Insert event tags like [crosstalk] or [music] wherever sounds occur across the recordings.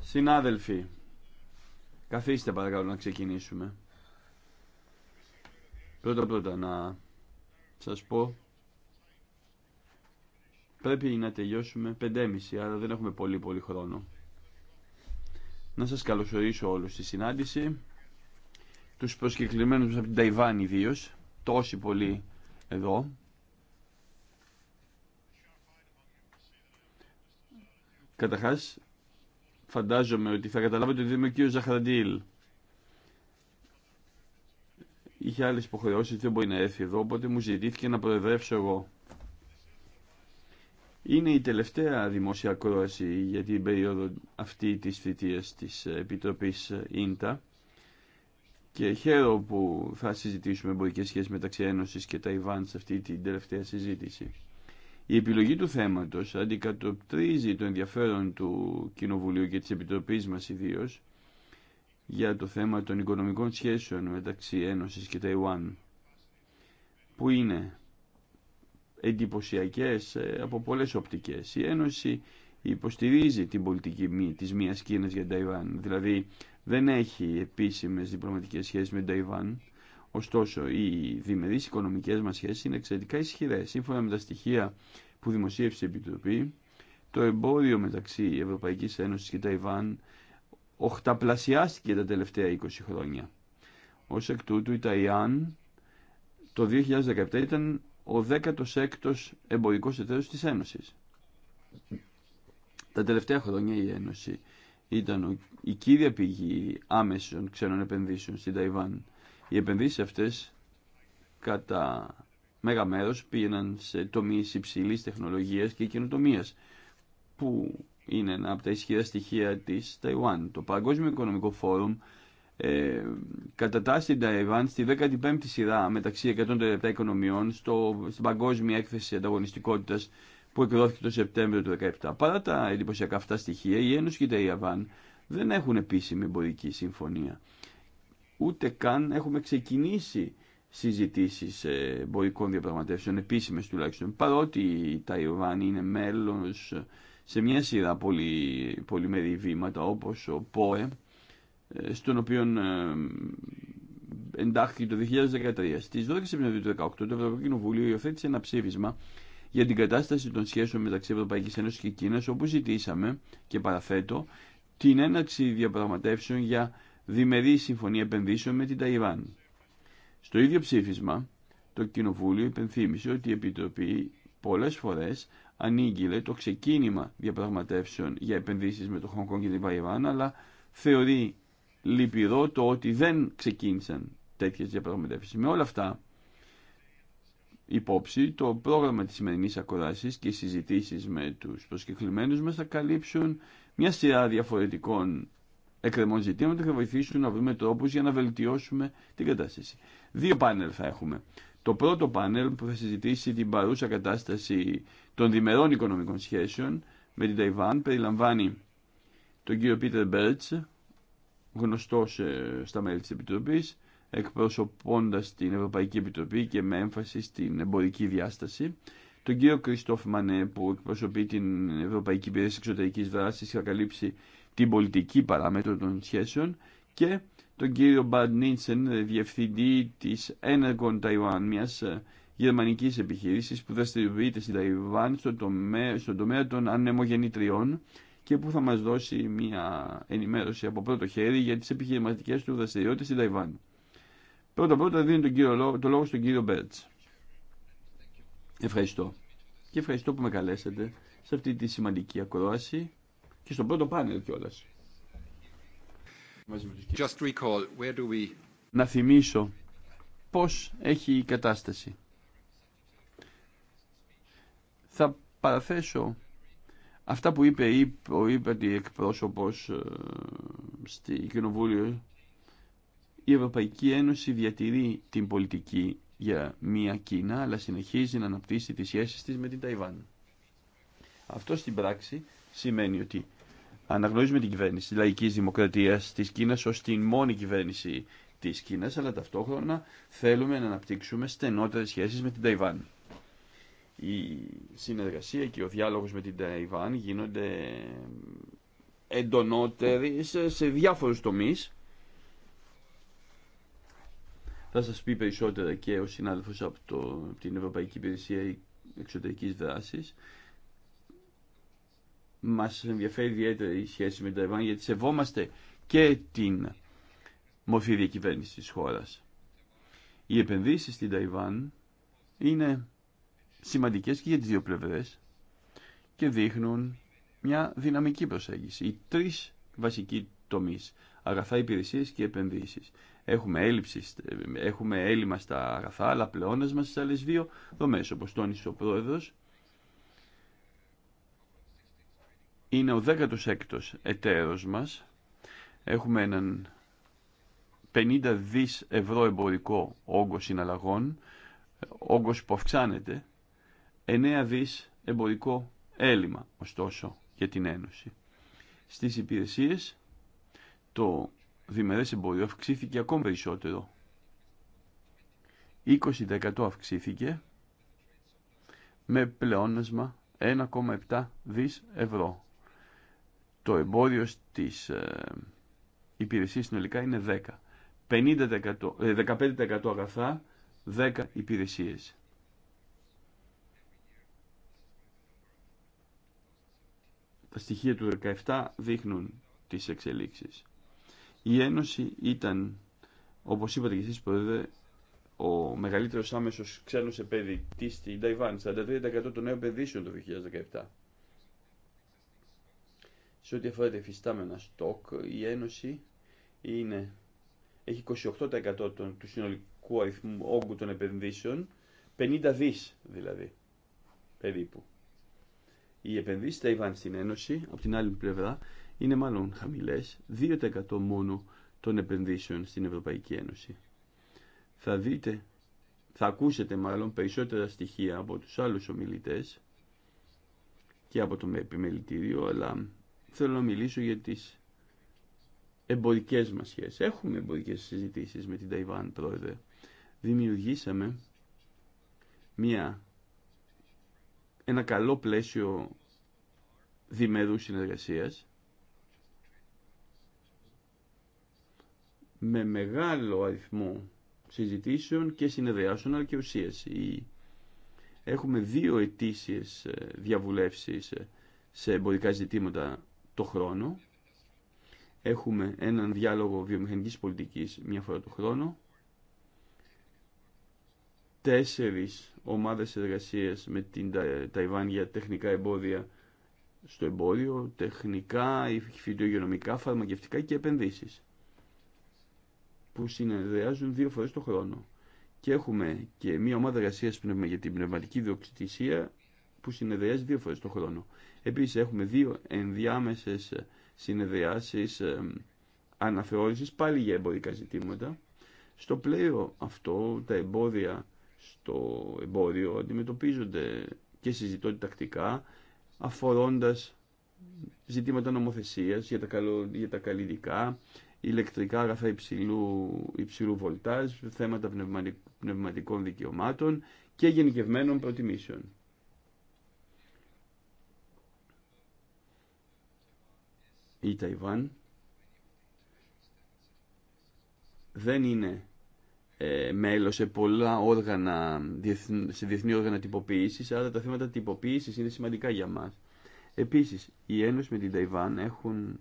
Συνάδελφοι, καθίστε παρακαλώ να ξεκινήσουμε. Πρώτα πρώτα να σας πω πρέπει να τελειώσουμε 5.30 άρα δεν έχουμε πολύ πολύ χρόνο. Να σας καλωσορίσω όλους στη συνάντηση τους προσκεκλημένους από την Ταϊβάν ιδίω, τόσοι πολλοί εδώ Καταρχά, φαντάζομαι ότι θα καταλάβετε ότι είμαι ο κύριο Είχε άλλε υποχρεώσει δεν μπορεί να έρθει εδώ, οπότε μου ζητήθηκε να προεδρεύσω εγώ. Είναι η τελευταία δημόσια ακρόαση για την περίοδο αυτή της θητείας της Επιτροπής ΙΝΤΑ και χαίρομαι που θα συζητήσουμε εμπορικές σχέσεις μεταξύ Ένωσης και Ταϊβάν σε αυτή την τελευταία συζήτηση. Η επιλογή του θέματο αντικατοπτρίζει το ενδιαφέρον του Κοινοβουλίου και τη Επιτροπή μα ιδίω για το θέμα των οικονομικών σχέσεων μεταξύ Ένωση και Ταϊουάν που είναι εντυπωσιακέ ε, από πολλέ οπτικέ. Η Ένωση υποστηρίζει την πολιτική τη μια μία για Ταϊβάν, δηλαδή δεν έχει επίσημε διπλωματικέ σχέσει με Ταϊβάν, Ωστόσο, οι διμερεί οικονομικέ μα σχέσει είναι εξαιρετικά ισχυρέ. Σύμφωνα με τα στοιχεία που δημοσίευσε η Επιτροπή, το εμπόριο μεταξύ Ευρωπαϊκή Ένωση και Ταϊβάν οχταπλασιάστηκε τα τελευταία 20 χρόνια. Ω εκ τούτου η Ταϊάν το 2017 ήταν ο 16 ο εμπορικό εταίρο τη Ένωση. Τα τελευταία χρόνια η Ένωση ήταν η κύρια πηγή άμεσων ξένων επενδύσεων στην Ταϊβάν. Οι επενδύσει αυτέ κατά μέγα μέρο πήγαιναν σε τομεί υψηλή τεχνολογία και καινοτομία, που είναι ένα από τα ισχυρά στοιχεία τη Ταϊουάν. Το Παγκόσμιο Οικονομικό Φόρουμ ε, κατατάσσει την Ταϊβάν στη 15η σειρά μεταξύ 137 οικονομιών στο, στην Παγκόσμια Έκθεση ανταγωνιστικότητα που εκδόθηκε το Σεπτέμβριο του 2017. Παρά τα εντυπωσιακά αυτά στοιχεία, η Ένωση και η Ταϊβάν δεν έχουν επίσημη εμπορική συμφωνία. Ούτε καν έχουμε ξεκινήσει συζητήσεις ε, μπορικών διαπραγματεύσεων, επίσημε τουλάχιστον, παρότι η Ταϊβάν είναι μέλο σε μια σειρά πολυ, πολυμερή βήματα όπω ο ΠΟΕ, ε, στον οποίο ε, εντάχθηκε το 2013. στι 12 Σεπτεμβρίου του 2018 το Ευρωπαϊκό Κοινοβούλιο υιοθέτησε ένα ψήφισμα για την κατάσταση των σχέσεων μεταξύ Ευρωπαϊκή Ένωση και Κίνα όπου ζητήσαμε και παραθέτω την έναρξη διαπραγματεύσεων για διμερή συμφωνία επενδύσεων με την Ταϊβάν. Στο ίδιο ψήφισμα, το Κοινοβούλιο υπενθύμησε ότι η Επιτροπή πολλές φορές ανήγγειλε το ξεκίνημα διαπραγματεύσεων για επενδύσεις με το Χονγκ και την Βαϊβάν, αλλά θεωρεί λυπηρό το ότι δεν ξεκίνησαν τέτοιες διαπραγματεύσεις. Με όλα αυτά, υπόψη, το πρόγραμμα της σημερινή ακοράσης και οι συζητήσεις με τους προσκεκλημένους μας θα καλύψουν μια σειρά διαφορετικών εκκρεμών ζητήματα θα βοηθήσουν να βρούμε τρόπου για να βελτιώσουμε την κατάσταση. Δύο πάνελ θα έχουμε. Το πρώτο πάνελ που θα συζητήσει την παρούσα κατάσταση των διμερών οικονομικών σχέσεων με την Ταϊβάν περιλαμβάνει τον κύριο Πίτερ Μπέρτς, γνωστός ε, στα μέλη της Επιτροπής, εκπροσωπώντας την Ευρωπαϊκή Επιτροπή και με έμφαση στην εμπορική διάσταση, τον κύριο Κριστόφ Μανέ που εκπροσωπεί την Ευρωπαϊκή Υπηρεσία Εξωτερικής Δράσης και καλύψει την πολιτική παράμετρο των σχέσεων και τον κύριο Μπαντ Νίνσεν, διευθυντή τη Energon Taiwan, μιας ε, γερμανική επιχείρησης που δραστηριοποιείται στην Ταϊβάν στον τομέα, στον τομέα των ανεμογεννητριών και που θα μας δώσει μια ενημέρωση από πρώτο χέρι για τις επιχειρηματικές του δραστηριότητε στην Ταϊβάν. Πρώτα πρώτα δίνω τον κύριο, το λόγο στον κύριο Μπέρτς. Ευχαριστώ. Και ευχαριστώ που με καλέσατε σε αυτή τη σημαντική ακρόαση και στον πρώτο πάνελ κιόλα. Να θυμίσω πώς έχει η κατάσταση. Θα παραθέσω αυτά που είπε ο είπατε εκπρόσωπος ε, στη Κοινοβούλιο. Η Ευρωπαϊκή Ένωση διατηρεί την πολιτική για μία Κίνα, αλλά συνεχίζει να αναπτύσσει τις σχέσεις της με την Ταϊβάν. Αυτό στην πράξη σημαίνει ότι αναγνωρίζουμε την κυβέρνηση της λαϊκής δημοκρατίας της Κίνας ως την μόνη κυβέρνηση της Κίνας, αλλά ταυτόχρονα θέλουμε να αναπτύξουμε στενότερες σχέσεις με την Ταϊβάν. Η συνεργασία και ο διάλογος με την Ταϊβάν γίνονται εντονότεροι σε διάφορου τομείς. Θα σας πει περισσότερα και ο συνάδελφος από, την Ευρωπαϊκή Υπηρεσία Εξωτερικής Δράσης μας ενδιαφέρει ιδιαίτερα η σχέση με το Ταϊβάν γιατί σεβόμαστε και την μορφή διακυβέρνηση της χώρας. Οι επενδύσεις στην Ταϊβάν είναι σημαντικές και για τις δύο πλευρές και δείχνουν μια δυναμική προσέγγιση. Οι τρεις βασικοί τομείς, αγαθά υπηρεσίες και επενδύσεις. Έχουμε, έλλειψη, έχουμε έλλειμμα στα αγαθά, αλλά πλεόνασμα στις άλλες δύο δομές, όπως τόνισε ο πρόεδρος, είναι ο 16ος εταίρος μας. Έχουμε έναν 50 δις ευρώ εμπορικό όγκο συναλλαγών, όγκος που αυξάνεται, 9 δις εμπορικό έλλειμμα, ωστόσο, για την Ένωση. Στις υπηρεσίες, το διμερές εμπόριο αυξήθηκε ακόμη περισσότερο. 20% αυξήθηκε με πλεόνασμα 1,7 δις ευρώ το εμπόδιο στις ε, υπηρεσίες συνολικά είναι 10. 50%, 15% αγαθά, 10 υπηρεσίες. Τα στοιχεία του 17 δείχνουν τις εξελίξεις. Η Ένωση ήταν, όπως είπατε και εσείς πρόεδρε, ο μεγαλύτερος άμεσος ξένος επενδυτής στην Ταϊβάν, 43% των νέων επενδύσεων το 2017. Σε ό,τι αφορά τα εφιστάμενα στόκ, η Ένωση είναι, έχει 28% του συνολικού αριθμού όγκου των επενδύσεων, 50 δις δηλαδή, περίπου. Οι επενδύσεις Ταϊβάν στην Ένωση, από την άλλη πλευρά, είναι μάλλον χαμηλές, 2% μόνο των επενδύσεων στην Ευρωπαϊκή Ένωση. Θα δείτε, θα ακούσετε μάλλον περισσότερα στοιχεία από τους άλλους ομιλητές και από το επιμελητήριο, αλλά θέλω να μιλήσω για τις εμπορικές μας σχέσεις. Έχουμε εμπορικές συζητήσεις με την Ταϊβάν, πρόεδρε. Δημιουργήσαμε μια, ένα καλό πλαίσιο διμερού συνεργασίας με μεγάλο αριθμό συζητήσεων και συνεδριάσεων αλλά και Έχουμε δύο ετήσιες ε, διαβουλεύσεις ε, σε εμπορικά ζητήματα το χρόνο. Έχουμε έναν διάλογο βιομηχανικής πολιτικής μια φορά το χρόνο. Τέσσερις ομάδες εργασίας με την Ταϊβάν για τεχνικά εμπόδια στο εμπόριο, τεχνικά, φυτογενομικά, φαρμακευτικά και επενδύσεις που συνεδριάζουν δύο φορές το χρόνο. Και έχουμε και μια ομάδα εργασία για την πνευματική διοκτησία που συνεδριάζει δύο φορές το χρόνο. Επίσης έχουμε δύο ενδιάμεσες συνεδριάσεις ε, αναθεώρησης πάλι για εμπορικά ζητήματα. Στο πλαίο αυτό τα εμπόδια στο εμπόριο αντιμετωπίζονται και συζητώνται τακτικά αφορώντας ζητήματα νομοθεσίας για τα, καλο, για τα καλλιδικά, ηλεκτρικά αγαθά υψηλού, υψηλού βολτάζ, θέματα πνευματικών δικαιωμάτων και γενικευμένων προτιμήσεων. η Ταϊβάν δεν είναι ε, μέλος σε πολλά όργανα, σε διεθνή όργανα τυποποίησης, αλλά τα θέματα τυποποίησης είναι σημαντικά για μας. Επίσης, η Ένωση με την Ταϊβάν έχουν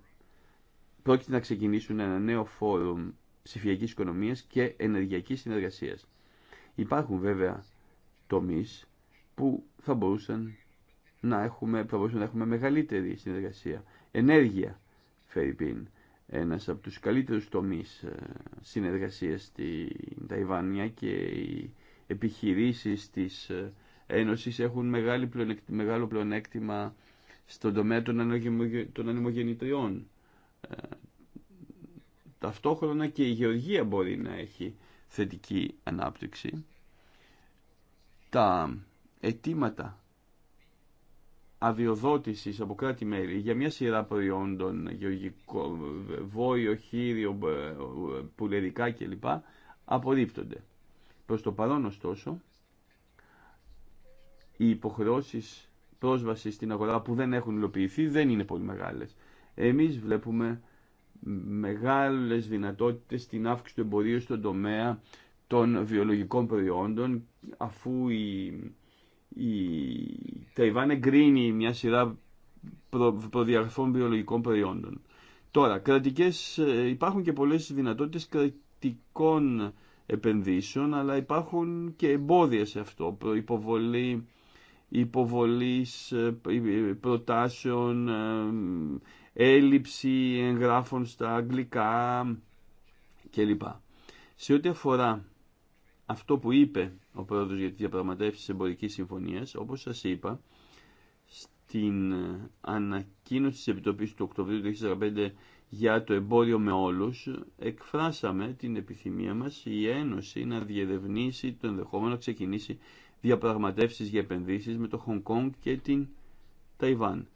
πρόκειται να ξεκινήσουν ένα νέο φόρουμ ψηφιακής οικονομίας και ενεργειακής συνεργασίας. Υπάρχουν βέβαια τομείς που θα μπορούσαν να έχουμε, θα μπορούσαν να έχουμε μεγαλύτερη συνεργασία. Ενέργεια, Φερρυπίν, ένας από τους καλύτερους τομείς ε, συνεργασίας στην Ταϊβάνια και οι επιχειρήσεις της ε, Ένωσης έχουν μεγάλο πλεονέκτημα στον τομέα των ανεμογεννητριών. Ε, ταυτόχρονα και η γεωργία μπορεί να έχει θετική ανάπτυξη. Τα αιτήματα αδειοδοτηση απο από κράτη-μέλη για μια σειρά προϊόντων, γεωργικό, βόηο, χείριο, ε, πουλερικά κλπ. απορρίπτονται. Προ το παρόν ωστόσο, οι υποχρεώσει πρόσβαση στην αγορά που δεν έχουν υλοποιηθεί δεν είναι πολύ μεγάλες. Εμείς βλέπουμε μεγάλε δυνατότητες στην αύξηση του εμπορίου στον τομέα των βιολογικών προϊόντων αφού η η Ταϊβάν εγκρίνει μια σειρά προδιαγραφών βιολογικών προϊόντων. Τώρα, κρατικές, ε, υπάρχουν και πολλές δυνατότητες κρατικών επενδύσεων, αλλά υπάρχουν και εμπόδια σε αυτό. Υποβολή, υποβολής ε, ε, προτάσεων, έλλειψη εγγράφων στα αγγλικά κλπ. Σε ό,τι αφορά αυτό που είπε ο πρόεδρος για τις διαπραγματεύσεις εμπορικής συμφωνίας, όπως σας είπα, στην ε, ανακοίνωση της Επιτροπής του Οκτωβρίου του 2015 για το εμπόριο με όλους, εκφράσαμε την επιθυμία μας η Ένωση να διερευνήσει το ενδεχόμενο να ξεκινήσει διαπραγματεύσεις για επενδύσεις με το Χονγκ Κονγκ και την Ταϊβάν.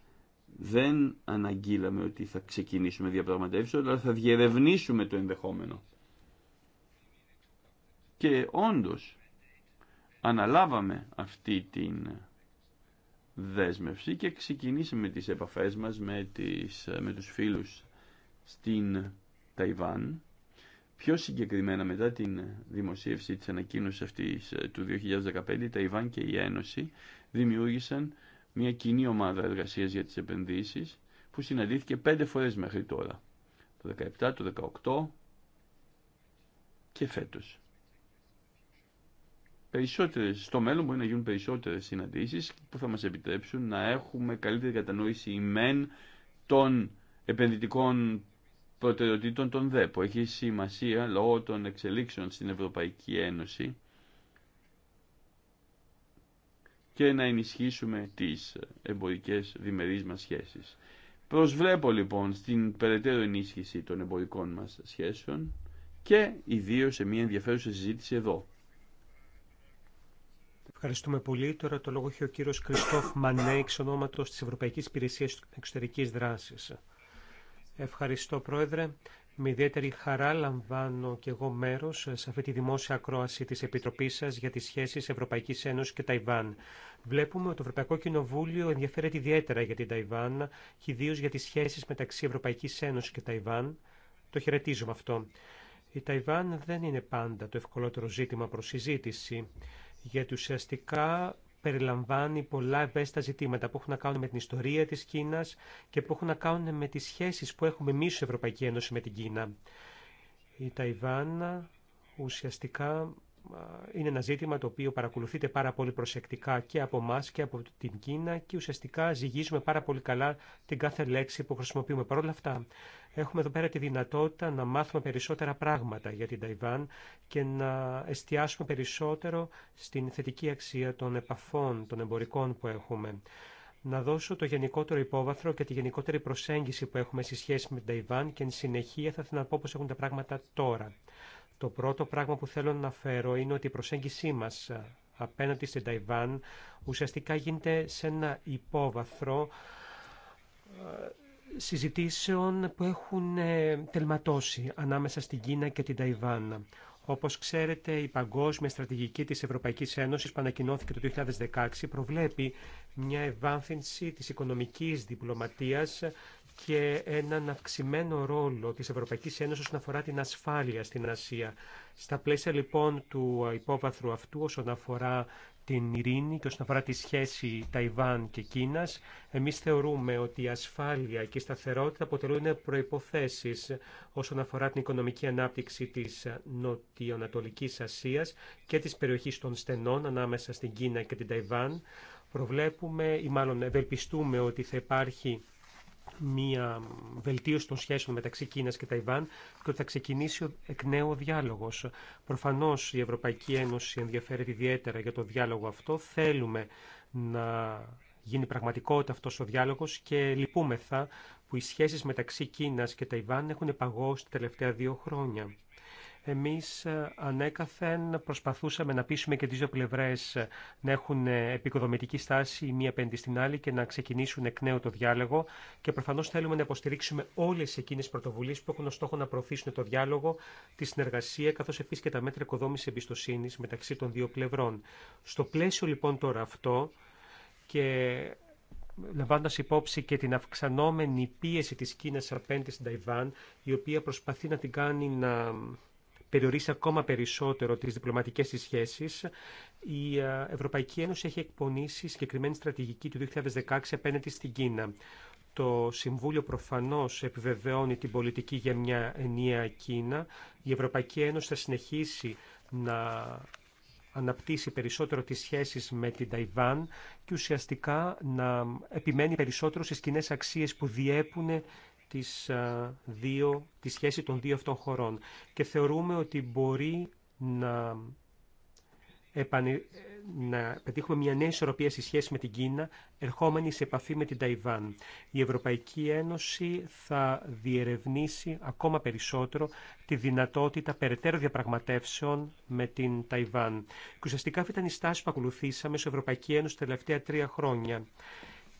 Δεν αναγγείλαμε ότι θα ξεκινήσουμε διαπραγματεύσεις, αλλά θα διερευνήσουμε το ενδεχόμενο. Και όντως αναλάβαμε αυτή την δέσμευση και ξεκινήσαμε τις επαφές μας με, τις, με τους φίλους στην Ταϊβάν. Πιο συγκεκριμένα μετά την δημοσίευση της ανακοίνωσης αυτής ε, του 2015, η Ταϊβάν και η Ένωση δημιούργησαν μια κοινή ομάδα εργασίας για τις επενδύσεις που συναντήθηκε πέντε φορές μέχρι τώρα. Το 2017, το 2018 και φέτος περισσότερες, στο μέλλον μπορεί να γίνουν περισσότερες συναντήσεις που θα μας επιτρέψουν να έχουμε καλύτερη κατανόηση ημέν των επενδυτικών προτεραιοτήτων των ΔΕ που έχει σημασία λόγω των εξελίξεων στην Ευρωπαϊκή Ένωση και να ενισχύσουμε τις εμπορικές διμερείς μας σχέσεις. Προσβλέπω λοιπόν στην περαιτέρω ενίσχυση των εμπορικών μας σχέσεων και ιδίως σε μια ενδιαφέρουσα συζήτηση εδώ. Ευχαριστούμε πολύ. Τώρα το λόγο έχει ο κύριο Κριστόφ Μανέ, εξ ονόματος της Ευρωπαϊκής Υπηρεσίας Εξωτερικής Δράσης. Ευχαριστώ, Πρόεδρε. Με ιδιαίτερη χαρά λαμβάνω και εγώ μέρο σε αυτή τη δημόσια ακρόαση τη Επιτροπή σα για τι σχέσει Ευρωπαϊκή Ένωση και Ταϊβάν. Βλέπουμε ότι το Ευρωπαϊκό Κοινοβούλιο ενδιαφέρεται ιδιαίτερα για την Ταϊβάν και ιδίω για τι σχέσει μεταξύ Ευρωπαϊκή Ένωση και Ταϊβάν. Το χαιρετίζουμε αυτό. Η Ταϊβάν δεν είναι πάντα το ευκολότερο ζήτημα προ συζήτηση γιατί ουσιαστικά περιλαμβάνει πολλά ευαίσθητα ζητήματα που έχουν να κάνουν με την ιστορία της Κίνας και που έχουν να κάνουν με τις σχέσεις που έχουμε εμεί η Ευρωπαϊκή Ένωση με την Κίνα. Η Ταϊβάν ουσιαστικά είναι ένα ζήτημα το οποίο παρακολουθείται πάρα πολύ προσεκτικά και από εμά και από την Κίνα και ουσιαστικά ζυγίζουμε πάρα πολύ καλά την κάθε λέξη που χρησιμοποιούμε. Παρ' όλα αυτά, έχουμε εδώ πέρα τη δυνατότητα να μάθουμε περισσότερα πράγματα για την Ταϊβάν και να εστιάσουμε περισσότερο στην θετική αξία των επαφών, των εμπορικών που έχουμε. Να δώσω το γενικότερο υπόβαθρο και τη γενικότερη προσέγγιση που έχουμε στη σχέση με την Ταϊβάν και εν συνεχεία θα ήθελα να πω πώς έχουν τα πράγματα τώρα. Το πρώτο πράγμα που θέλω να αναφέρω είναι ότι η προσέγγισή μας απέναντι στην Ταϊβάν ουσιαστικά γίνεται σε ένα υπόβαθρο ε, συζητήσεων που έχουν ε, τελματώσει ανάμεσα στην Κίνα και την Ταϊβάν. Όπως ξέρετε, η παγκόσμια στρατηγική της Ευρωπαϊκής Ένωσης που ανακοινώθηκε το 2016 προβλέπει μια ευάνθυνση της οικονομικής διπλωματίας και έναν αυξημένο ρόλο της Ευρωπαϊκής Ένωσης όσον αφορά την ασφάλεια στην Ασία. Στα πλαίσια λοιπόν του υπόβαθρου αυτού όσον αφορά την ειρήνη και όσον αφορά τη σχέση Ταϊβάν και Κίνας, εμείς θεωρούμε ότι η ασφάλεια και η σταθερότητα αποτελούν προϋποθέσεις όσον αφορά την οικονομική ανάπτυξη της Νοτιοανατολικής Ασίας και της περιοχής των στενών ανάμεσα στην Κίνα και την Ταϊβάν. Προβλέπουμε ή μάλλον ευελπιστούμε ότι θα υπάρχει μία βελτίωση των σχέσεων μεταξύ Κίνας και Ταϊβάν και ότι θα ξεκινήσει εκ νέου ο διάλογος. Προφανώς η Ευρωπαϊκή Ένωση ενδιαφέρεται ιδιαίτερα για το διάλογο αυτό. Θέλουμε να γίνει πραγματικότητα αυτό ο διάλογο και λυπούμεθα που οι σχέσεις μεταξύ Κίνας και Ταϊβάν έχουν παγώσει τα τελευταία δύο χρόνια. Εμείς ε, ανέκαθεν προσπαθούσαμε να πείσουμε και τις δύο πλευρές ε, να έχουν ε, επικοδομητική στάση η μία πέντη στην άλλη και να ξεκινήσουν εκ νέου το διάλογο και προφανώς θέλουμε να υποστηρίξουμε όλες εκείνες πρωτοβουλίες που έχουν ως στόχο να προωθήσουν το διάλογο, τη συνεργασία καθώς επίσης και τα μέτρα οικοδόμησης εμπιστοσύνης μεταξύ των δύο πλευρών. Στο πλαίσιο λοιπόν τώρα αυτό και λαμβάνοντα υπόψη και την αυξανόμενη πίεση της Κίνας απέναντι στην Ταϊβάν, η οποία προσπαθεί να την κάνει να περιορίσει ακόμα περισσότερο τις διπλωματικές της σχέσεις, η ε, Ευρωπαϊκή Ένωση έχει εκπονήσει συγκεκριμένη στρατηγική του 2016 απέναντι στην Κίνα. Το Συμβούλιο προφανώς επιβεβαιώνει την πολιτική για μια ενιαία Κίνα. Η Ευρωπαϊκή Ένωση θα συνεχίσει να αναπτύσσει περισσότερο τις σχέσεις με την Ταϊβάν και ουσιαστικά να επιμένει περισσότερο στις κοινέ αξίες που διέπουν τις, ε, δύο, τη σχέση των δύο αυτών χωρών και θεωρούμε ότι μπορεί να, να πετύχουμε μια νέα ισορροπία στη σχέση με την Κίνα ερχόμενη σε επαφή με την Ταϊβάν. Η Ευρωπαϊκή Ένωση θα διερευνήσει ακόμα περισσότερο τη δυνατότητα περαιτέρω διαπραγματεύσεων με την Ταϊβάν. Και ουσιαστικά αυτή ήταν η στάση που ακολουθήσαμε στην Ευρωπαϊκή Ένωση τα τελευταία τρία χρόνια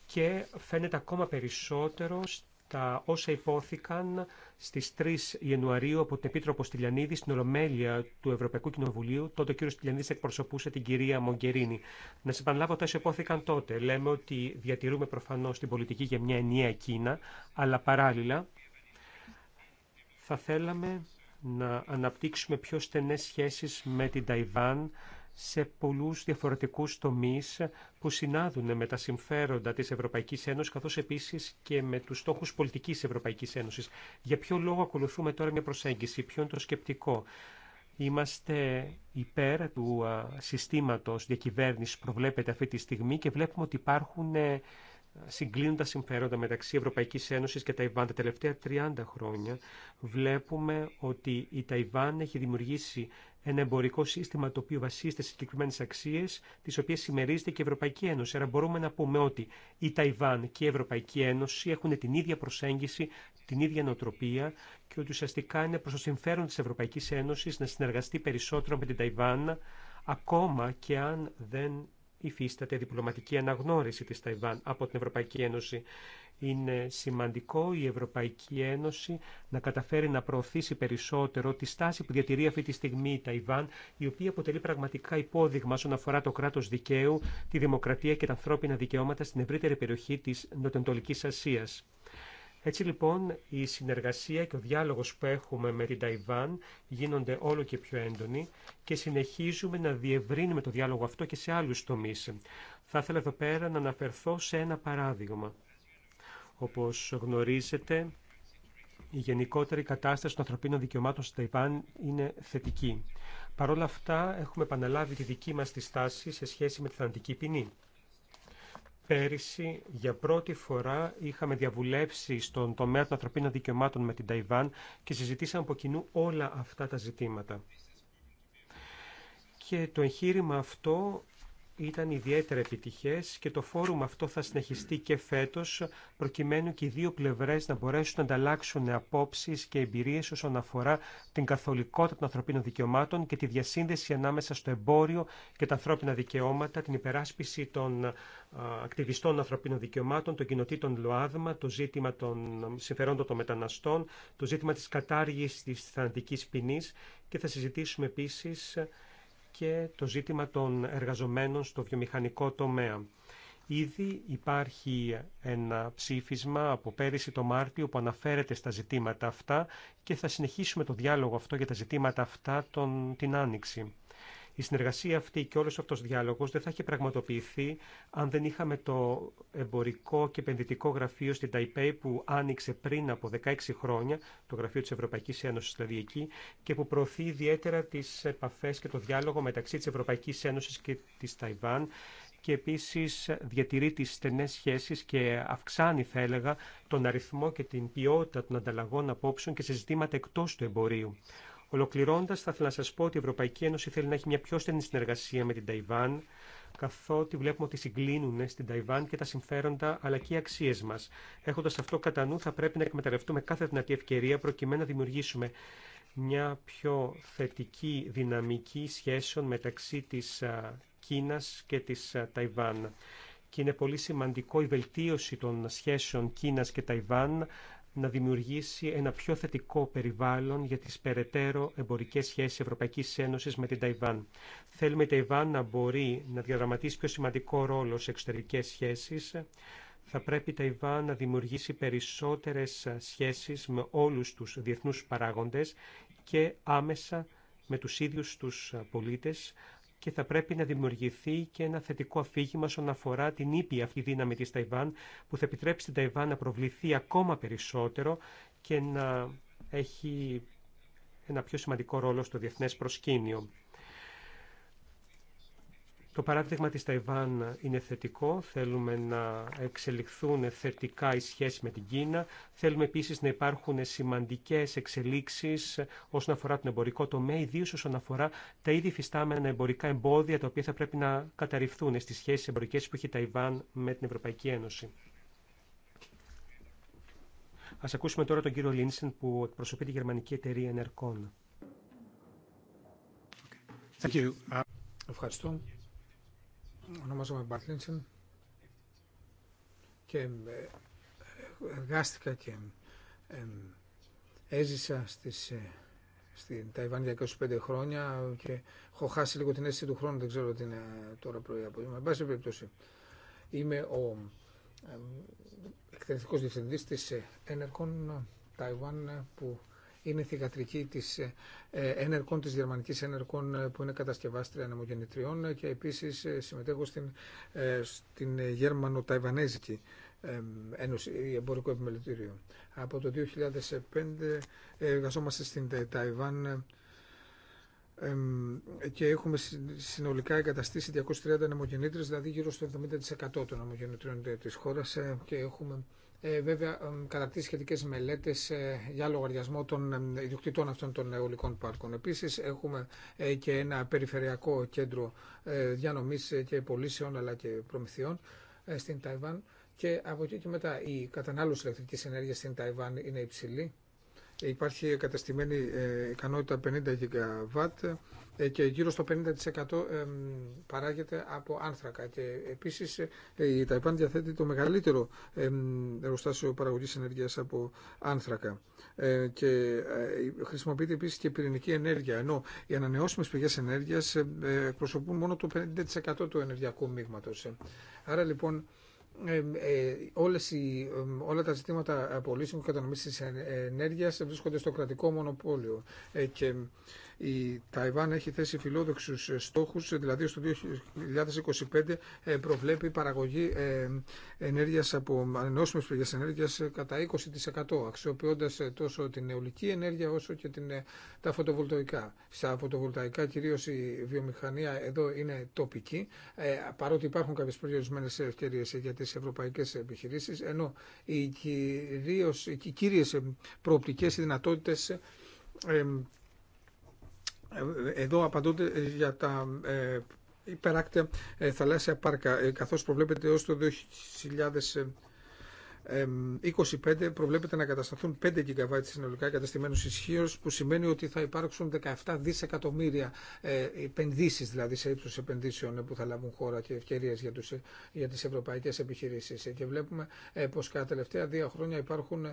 και φαίνεται ακόμα περισσότερο τα όσα υπόθηκαν στι 3 Ιανουαρίου από την Επίτροπο Στυλιανίδη στην Ολομέλεια του Ευρωπαϊκού Κοινοβουλίου. Τότε ο κ. Στυλιανίδη εκπροσωπούσε την κυρία Μογκερίνη. Να σε επαναλάβω τα όσα υπόθηκαν τότε. Λέμε ότι διατηρούμε προφανώ την πολιτική για μια ενιαία Κίνα, αλλά παράλληλα θα θέλαμε να αναπτύξουμε πιο στενές σχέσεις με την Ταϊβάν, σε πολλούς διαφορετικούς τομείς που συνάδουν με τα συμφέροντα της Ευρωπαϊκής Ένωσης καθώς επίσης και με τους στόχους πολιτικής Ευρωπαϊκής Ένωσης. Για ποιο λόγο ακολουθούμε τώρα μια προσέγγιση, ποιο είναι το σκεπτικό. Είμαστε υπέρ του συστήματος διακυβέρνησης που προβλέπεται αυτή τη στιγμή και βλέπουμε ότι υπάρχουν ε, συγκλίνοντα συμφέροντα μεταξύ Ευρωπαϊκής Ένωσης και Ταϊβάν τα τελευταία 30 χρόνια, βλέπουμε ότι η Ταϊβάν έχει δημιουργήσει ένα εμπορικό σύστημα το οποίο βασίζεται σε συγκεκριμένε αξίε, τι οποίε συμμερίζεται και η Ευρωπαϊκή Ένωση. Άρα μπορούμε να πούμε ότι η Ταϊβάν και η Ευρωπαϊκή Ένωση έχουν την ίδια προσέγγιση, την ίδια νοοτροπία και ότι ουσιαστικά είναι προ το συμφέρον τη Ευρωπαϊκή Ένωση να συνεργαστεί περισσότερο με την Ταϊβάν, ακόμα και αν δεν υφίσταται διπλωματική αναγνώριση της Ταϊβάν από την Ευρωπαϊκή Ένωση. Είναι σημαντικό η Ευρωπαϊκή Ένωση να καταφέρει να προωθήσει περισσότερο τη στάση που διατηρεί αυτή τη στιγμή η Ταϊβάν, η οποία αποτελεί πραγματικά υπόδειγμα όσον αφορά το κράτο δικαίου, τη δημοκρατία και τα ανθρώπινα δικαιώματα στην ευρύτερη περιοχή τη Νοτιοανατολική Ασία. Έτσι λοιπόν η συνεργασία και ο διάλογος που έχουμε με την Ταϊβάν γίνονται όλο και πιο έντονοι και συνεχίζουμε να διευρύνουμε το διάλογο αυτό και σε άλλους τομείς. Θα ήθελα εδώ πέρα να αναφερθώ σε ένα παράδειγμα. Όπως γνωρίζετε, η γενικότερη κατάσταση των ανθρωπίνων δικαιωμάτων στην Ταϊβάν είναι θετική. Παρ' όλα αυτά, έχουμε επαναλάβει τη δική μας τη στάση σε σχέση με τη θανατική ποινή. Πέρυσι, για πρώτη φορά, είχαμε διαβουλεύσει στον τομέα των ανθρωπίνων δικαιωμάτων με την Ταϊβάν και συζητήσαμε από κοινού όλα αυτά τα ζητήματα. Και το εγχείρημα αυτό ήταν ιδιαίτερα επιτυχές και το φόρουμ αυτό θα συνεχιστεί και φέτος προκειμένου και οι δύο πλευρές να μπορέσουν να ανταλλάξουν απόψεις και εμπειρίες όσον αφορά την καθολικότητα των ανθρωπίνων δικαιωμάτων και τη διασύνδεση ανάμεσα στο εμπόριο και τα ανθρώπινα δικαιώματα, την υπεράσπιση των ακτιβιστών ανθρωπίνων δικαιωμάτων, των κοινοτήτων ΛΟΑΔΜΑ, το ζήτημα των συμφερόντων των μεταναστών, το ζήτημα της κατάργησης της θανατικής ποινής και θα συζητήσουμε επίσης και το ζήτημα των εργαζομένων στο βιομηχανικό τομέα. Ήδη υπάρχει ένα ψήφισμα από πέρυσι το Μάρτιο που αναφέρεται στα ζητήματα αυτά και θα συνεχίσουμε το διάλογο αυτό για τα ζητήματα αυτά τον, την Άνοιξη. Η συνεργασία αυτή και όλος αυτός ο διάλογος δεν θα είχε πραγματοποιηθεί αν δεν είχαμε το εμπορικό και επενδυτικό γραφείο στην Ταϊπέη που άνοιξε πριν από 16 χρόνια, το γραφείο της Ευρωπαϊκής Ένωσης δηλαδή εκεί, και που προωθεί ιδιαίτερα τις επαφές και το διάλογο μεταξύ της Ευρωπαϊκής Ένωσης και της Ταϊβάν και επίσης διατηρεί τις στενές σχέσεις και αυξάνει, θα έλεγα, τον αριθμό και την ποιότητα των ανταλλαγών απόψεων και σε ζητήματα εκτός του εμπορίου. Ολοκληρώντα, θα ήθελα να σα πω ότι η Ευρωπαϊκή Ένωση θέλει να έχει μια πιο στενή συνεργασία με την Ταϊβάν, καθότι βλέπουμε ότι συγκλίνουν στην Ταϊβάν και τα συμφέροντα αλλά και οι αξίε μα. Έχοντα αυτό κατά νου, θα πρέπει να εκμεταλλευτούμε κάθε δυνατή ευκαιρία προκειμένου να δημιουργήσουμε μια πιο θετική δυναμική σχέσεων μεταξύ της Κίνας και της Ταϊβάν. Και είναι πολύ σημαντικό η βελτίωση των σχέσεων Κίνας και Ταϊβάν να δημιουργήσει ένα πιο θετικό περιβάλλον για τις περαιτέρω εμπορικές σχέσεις Ευρωπαϊκής Ένωσης με την Ταϊβάν. Θέλουμε η Ταϊβάν να μπορεί να διαδραματίσει πιο σημαντικό ρόλο σε εξωτερικές σχέσεις. Θα πρέπει η Ταϊβάν να δημιουργήσει περισσότερες σχέσεις με όλους τους διεθνούς παράγοντες και άμεσα με τους ίδιους τους πολίτες και θα πρέπει να δημιουργηθεί και ένα θετικό αφήγημα όσον αφορά την ήπια αυτή δύναμη της Ταϊβάν που θα επιτρέψει την Ταϊβάν να προβληθεί ακόμα περισσότερο και να έχει ένα πιο σημαντικό ρόλο στο διεθνές προσκήνιο. Το παράδειγμα της Ταϊβάν είναι θετικό. Θέλουμε να εξελιχθούν θετικά οι σχέσεις με την Κίνα. Θέλουμε επίσης να υπάρχουν σημαντικές εξελίξεις όσον αφορά τον εμπορικό τομέα, ιδίως όσον αφορά τα ήδη φυστάμενα εμπορικά εμπόδια, τα οποία θα πρέπει να καταρριφθούν στις σχέσεις εμπορικές που έχει η Ταϊβάν με την Ευρωπαϊκή Ένωση. Ας ακούσουμε τώρα τον κύριο Λίνσεν που εκπροσωπεί τη γερμανική εταιρεία Ενερκών. Ευχαριστώ ονομάζομαι Μπαρτλίνσεν και ε, εργάστηκα και ε, έζησα στις, ε, στην Ταϊβάν για 25 χρόνια και έχω χάσει λίγο την αίσθηση του χρόνου, δεν ξέρω τι είναι τώρα πρωί από Εν πάση περιπτώσει, είμαι ο εκτελεστικός διευθυντής της Enercon Ταϊβάν που είναι θηγατρική της ενεργών, της γερμανικής ενεργών ε, που είναι κατασκευάστρια ανεμογεννητριών ε, και επίσης ε, συμμετέχω στην, στην Γερμανο-Ταϊβανέζικη Ένωση Εμπορικού Επιμελητηρίου. Από το 2005 εργαζόμαστε στην Ταϊβάν και έχουμε συνολικά εγκαταστήσει 230 ανεμογεννήτρες, δηλαδή γύρω στο 70% των νεμογεννητριών της χώρας και έχουμε ε, βέβαια ε, κατακτήσει σχετικές μελέτες ε, για λογαριασμό των ιδιοκτητών αυτών των αεολικών πάρκων. Επίσης έχουμε και ένα περιφερειακό κέντρο διανομής και πωλήσεων αλλά και προμηθειών στην Ταϊβάν και από εκεί και μετά η κατανάλωση ηλεκτρικής ενέργειας στην Ταϊβάν είναι υψηλή υπάρχει καταστημένη ε, ικανότητα 50 γιγαβάτ ε, και γύρω στο 50% παράγεται από άνθρακα. Και επίσης ε, η Ταϊπάν διαθέτει το μεγαλύτερο εργοστάσιο παραγωγής ενέργειας από άνθρακα. Και χρησιμοποιείται επίσης και πυρηνική ενέργεια, ενώ οι ανανεώσιμες πηγές ενέργειας εκπροσωπούν μόνο το 50% του ενεργειακού μείγματος. Άρα λοιπόν ε, όλες οι, όλα τα ζητήματα απολύσεων και κατανομής της ενέργειας βρίσκονται στο κρατικό μονοπόλιο ε, και η Ταϊβάν έχει θέσει φιλόδοξους ε, στόχους, ε, δηλαδή στο 2025 ε, προβλέπει παραγωγή ενέργειας από ανανεώσιμες πηγέ ενέργειας κατά 20% αξιοποιώντας τόσο την νεολική ενέργεια όσο και την, τα φωτοβολταϊκά. Στα φωτοβολταϊκά κυρίως η βιομηχανία εδώ είναι τοπική, παρότι υπάρχουν κάποιε περιορισμένε ευκαιρίε για τι ευρωπαϊκέ επιχειρήσει, ενώ οι, οι κύριες προοπτικές, εδώ απαντούνται για τα ε, υπεράκτια ε, θαλάσσια πάρκα, ε, καθώς προβλέπεται έως το 2000 25 προβλέπεται να κατασταθούν 5 GB συνολικά καταστημένους ισχύω, που σημαίνει ότι θα υπάρξουν 17 δισεκατομμύρια ε, επενδύσεις, δηλαδή σε ύψος επενδύσεων ε, που θα λάβουν χώρα και ευκαιρίες για, τους, ε, για τις ευρωπαϊκές επιχειρήσεις. Και βλέπουμε πως κατά τελευταία δύο χρόνια υπάρχουν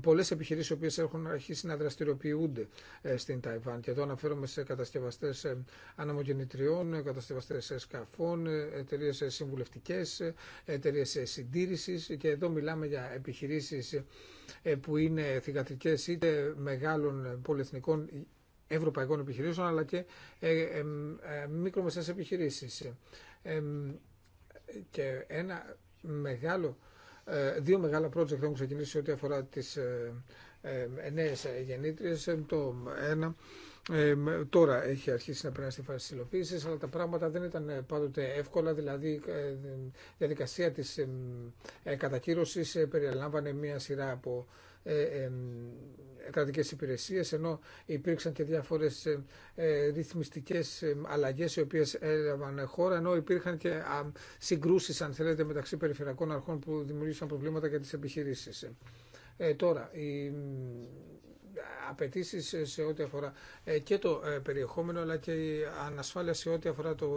πολλές επιχειρήσεις οι οποίες έχουν αρχίσει να δραστηριοποιούνται στην Ταϊβάν. Και εδώ αναφέρομαι σε κατασκευαστές αναμογεννητριών, κατασκευαστέ σκαφών, εταιρείε συμβουλευτικές, εταιρείε συντήρησης και εδώ μιλάμε για επιχειρήσεις ε, που είναι θυγατρικές είτε μεγάλων πολυεθνικών ευρωπαϊκών επιχειρήσεων αλλά και ε, ε, μικρομεσαίες επιχειρήσεις. Και ένα μεγάλο, δύο μεγάλα project έχουν ξεκινήσει ό,τι αφορά τις νέες γεννήτριες. Το ένα τώρα έχει αρχίσει να περάσει στη φάση της υλοποίησης, αλλά τα πράγματα δεν ήταν ε, πάντοτε εύκολα, δηλαδή η ε, διαδικασία της ε, κατακύρωσης ε, περιέλαμβανε μία σειρά από ε, ε, κρατικές υπηρεσίες ενώ υπήρξαν και διάφορες ε, ρυθμιστικές αλλαγές οι οποίες έλαβαν χώρα ενώ υπήρχαν και α, συγκρούσεις αν θέλετε μεταξύ περιφερειακών αρχών που δημιουργήσαν προβλήματα για τις επιχειρήσεις. Ε, τώρα, η, απαιτήσει σε ό,τι αφορά ε, και το ε, περιεχόμενο αλλά και η ανασφάλεια σε ό,τι αφορά το,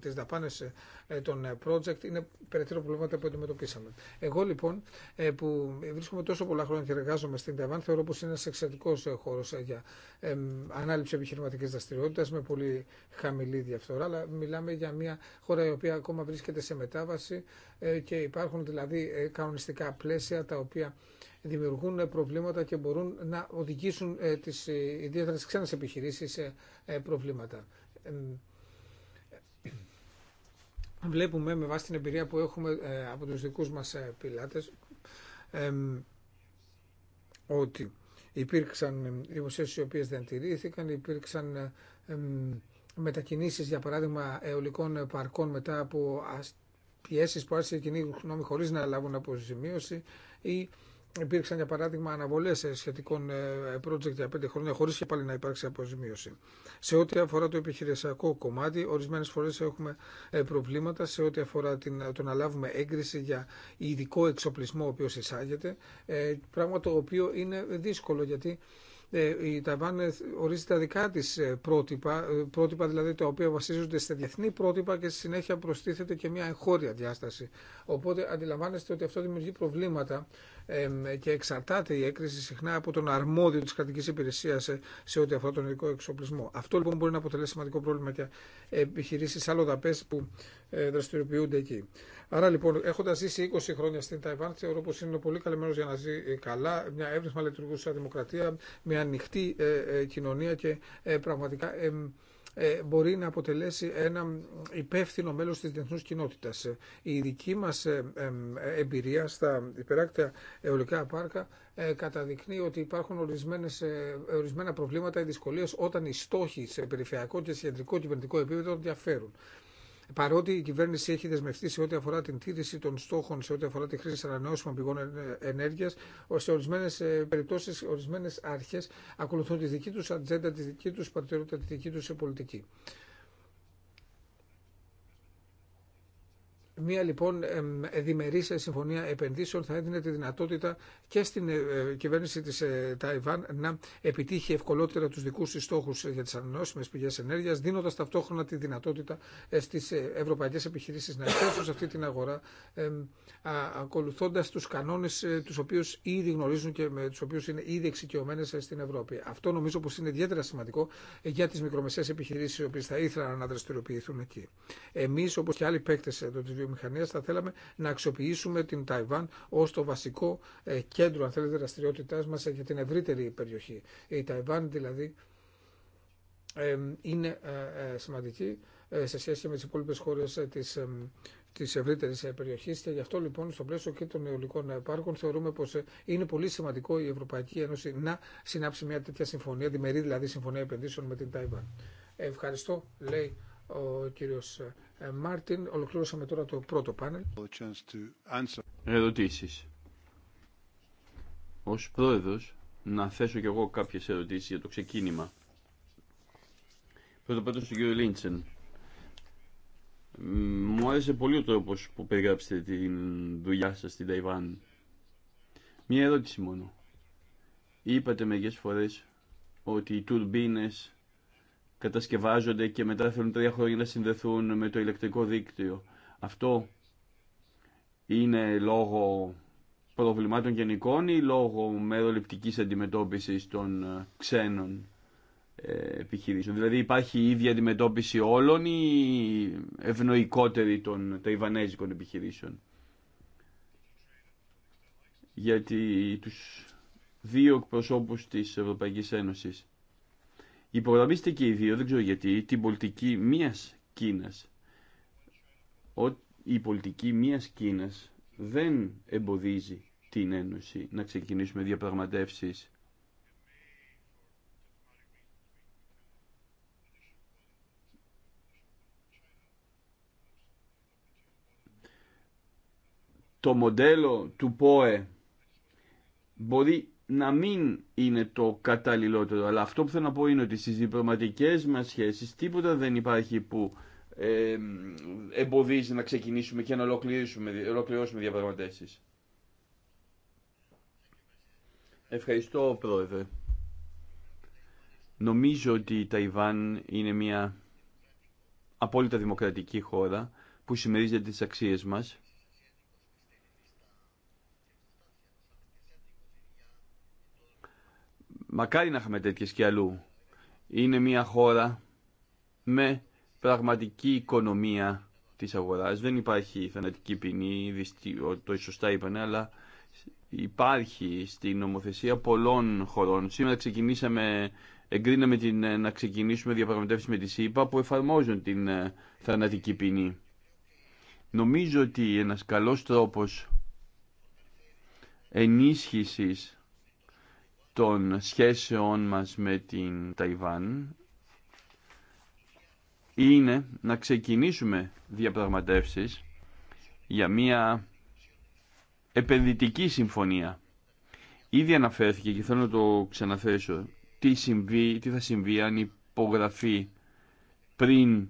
τις δαπάνες ε, των project είναι περαιτέρω προβλήματα που αντιμετωπίσαμε. Εγώ λοιπόν που βρίσκομαι τόσο πολλά χρόνια και εργάζομαι στην Ταϊβάν θεωρώ πως είναι ένας εξαιρετικό χώρο για ανάληψη επιχειρηματική δραστηριότητα με πολύ χαμηλή διαφθορά αλλά μιλάμε για μια χώρα η οποία ακόμα βρίσκεται σε μετάβαση και υπάρχουν δηλαδή κανονιστικά πλαίσια τα οποία δημιουργούν προβλήματα και μπορούν να οδηγήσουν ε, τις ε, ιδιαίτερα τις ξένες επιχειρήσεις σε ε, προβλήματα. Βλέπουμε με βάση την εμπειρία που έχουμε από τους δικούς μας πιλάτες ότι υπήρξαν δημοσίες οι οποίες δεν τηρήθηκαν, υπήρξαν μετακινήσεις για παράδειγμα αεολικών παρκών μετά από πιέσεις που άρχισε η κοινή γνώμη χωρίς να λάβουν αποζημίωση ή υπήρξαν για παράδειγμα αναβολέ ε, σχετικών ε, project για πέντε χρόνια χωρί και πάλι να υπάρξει αποζημίωση. Σε ό,τι αφορά το επιχειρησιακό κομμάτι, ορισμένε φορέ έχουμε ε, προβλήματα σε ό,τι αφορά την, το να λάβουμε έγκριση για ειδικό εξοπλισμό ο οποίο εισάγεται. Πράγμα το οποίο είναι δύσκολο γιατί ε, η Ταϊβάν ε, ορίζει τα δικά τη ε, πρότυπα, πρότυπα δηλαδή τα οποία βασίζονται σε διεθνή πρότυπα και στη συνέχεια προστίθεται και μια εγχώρια διάσταση. Οπότε αντιλαμβάνεστε ότι αυτό δημιουργεί προβλήματα και εξαρτάται η έκρηση συχνά από τον αρμόδιο τη κρατική υπηρεσία σε, ό,τι αφορά τον ειδικό εξοπλισμό. Αυτό λοιπόν μπορεί να αποτελέσει σημαντικό πρόβλημα και επιχειρήσει αλλοδαπέ που δραστηριοποιούνται εκεί. Άρα λοιπόν, έχοντα ζήσει 20 χρόνια στην Ταϊβάν, θεωρώ πω είναι πολύ καλεμένο για να ζει ε, καλά μια εύρυθμα λειτουργούσα δημοκρατία, μια ανοιχτή ε, ε, κοινωνία και ε, πραγματικά μπορεί να αποτελέσει ένα υπεύθυνο μέλος της διεθνούς κοινότητας. Η δική μας εμπειρία στα υπεράκτια αιωλικά πάρκα καταδεικνύει ότι υπάρχουν ορισμένες, ορισμένα προβλήματα ή δυσκολίες όταν οι στόχοι σε περιφερειακό και σε κεντρικό κυβερνητικό επίπεδο διαφέρουν. Παρότι η κυβέρνηση έχει δεσμευτεί σε ό,τι αφορά την τήρηση των στόχων, σε ό,τι αφορά τη χρήση ανανεώσιμων πηγών ε, ενέργεια, σε ορισμένε περιπτώσει, ορισμένε αρχέ ακολουθούν τη δική του ατζέντα, τη δική του προτεραιότητα, τη δική του πολιτική. Μία λοιπόν διμερής συμφωνία επενδύσεων θα έδινε τη δυνατότητα και στην ε, κυβέρνηση της ε, Ταϊβάν να επιτύχει ευκολότερα τους δικούς της στόχους για τις ανανεώσιμε πηγές ενέργειας, δίνοντας ταυτόχρονα τη δυνατότητα ε, στις ευρωπαϊκές επιχειρήσεις να εισέλθουν σε αυτή την αγορά, ακολουθώντας τους κανόνες τους οποίους ήδη γνωρίζουν και με τους οποίους είναι ήδη εξοικειωμένε στην Ευρώπη. Αυτό νομίζω πως είναι ιδιαίτερα σημαντικό για τις μικρομεσαίες επιχειρήσεις οι οποίες θα ήθελαν να δραστηριοποιηθούν εκεί. Εμείς όπω και άλλοι παίκτες εδώ βιομηχανία, θα θέλαμε να αξιοποιήσουμε την Ταϊβάν ω το βασικό ε, κέντρο, αν θέλετε, δραστηριότητά μα για την ευρύτερη περιοχή. Η Ταϊβάν δηλαδή είναι ε, ε, σημαντική σε σχέση με τις υπόλοιπες χώρες της, της ευρύτερη περιοχή και γι' αυτό λοιπόν στο πλαίσιο και των αιωλικών πάρκων θεωρούμε πω είναι πολύ σημαντικό η Ευρωπαϊκή Ένωση να συνάψει μια τέτοια συμφωνία, διμερή δηλαδή συμφωνία επενδύσεων με την Ταϊβάν. Ευχαριστώ, λέει ο κύριος ε, Μάρτιν, ολοκλήρωσαμε τώρα το πρώτο πάνελ. Ερωτήσεις. Ως πρόεδρος, να θέσω κι εγώ κάποιες ερωτήσεις για το ξεκίνημα. Πρώτα πάντως στον κύριο Λίντσεν. Μου άρεσε πολύ ο τρόπος που περιγράψετε την δουλειά σας στην Ταϊβάν. Μία ερώτηση μόνο. Είπατε μερικές φορές ότι οι τουρμπίνες κατασκευάζονται και μετά θέλουν τρία χρόνια να συνδεθούν με το ηλεκτρικό δίκτυο. Αυτό είναι λόγω προβλημάτων γενικών ή λόγω μεροληπτικής αντιμετώπισης των ε, ξένων ε, επιχειρήσεων. Δηλαδή υπάρχει η ίδια αντιμετώπιση όλων ή ευνοϊκότερη των ταϊβανέζικων επιχειρήσεων. Γιατί τους δύο εκπροσώπους της Ευρωπαϊκής Ένωσης Υπογραμμίστε και οι δύο, δεν ξέρω γιατί, την πολιτική μίας Κίνας. Η πολιτική μίας Κίνας δεν εμποδίζει την Ένωση να ξεκινήσουμε διαπραγματεύσεις το μοντέλο του ΠΟΕ μπορεί να μην είναι το καταλληλότερο. Αλλά αυτό που θέλω να πω είναι ότι στις διπλωματικές μας σχέσεις τίποτα δεν υπάρχει που εμποδίζει να ξεκινήσουμε και να ολοκληρώσουμε, ολοκληρώσουμε διαπραγματεύσεις. Ευχαριστώ, Πρόεδρε. Νομίζω ότι η Ταϊβάν είναι μια απόλυτα δημοκρατική χώρα που συμμερίζεται τις αξίες μας Μακάρι να είχαμε τέτοιε και αλλού. Είναι μια χώρα με πραγματική οικονομία της αγορά. Δεν υπάρχει θανατική ποινή, το σωστά είπανε, αλλά υπάρχει στην νομοθεσία πολλών χωρών. Σήμερα ξεκινήσαμε, εγκρίναμε την, ε, να ξεκινήσουμε διαπραγματεύσει με τη ΣΥΠΑ που εφαρμόζουν την ε, θανατική ποινή. Νομίζω ότι ένας καλός τρόπος ενίσχυσης των σχέσεών μας με την Ταϊβάν είναι να ξεκινήσουμε διαπραγματεύσεις για μια επενδυτική συμφωνία. Ήδη αναφέρθηκε και θέλω να το ξαναθέσω τι, συμβεί, τι θα συμβεί αν υπογραφεί πριν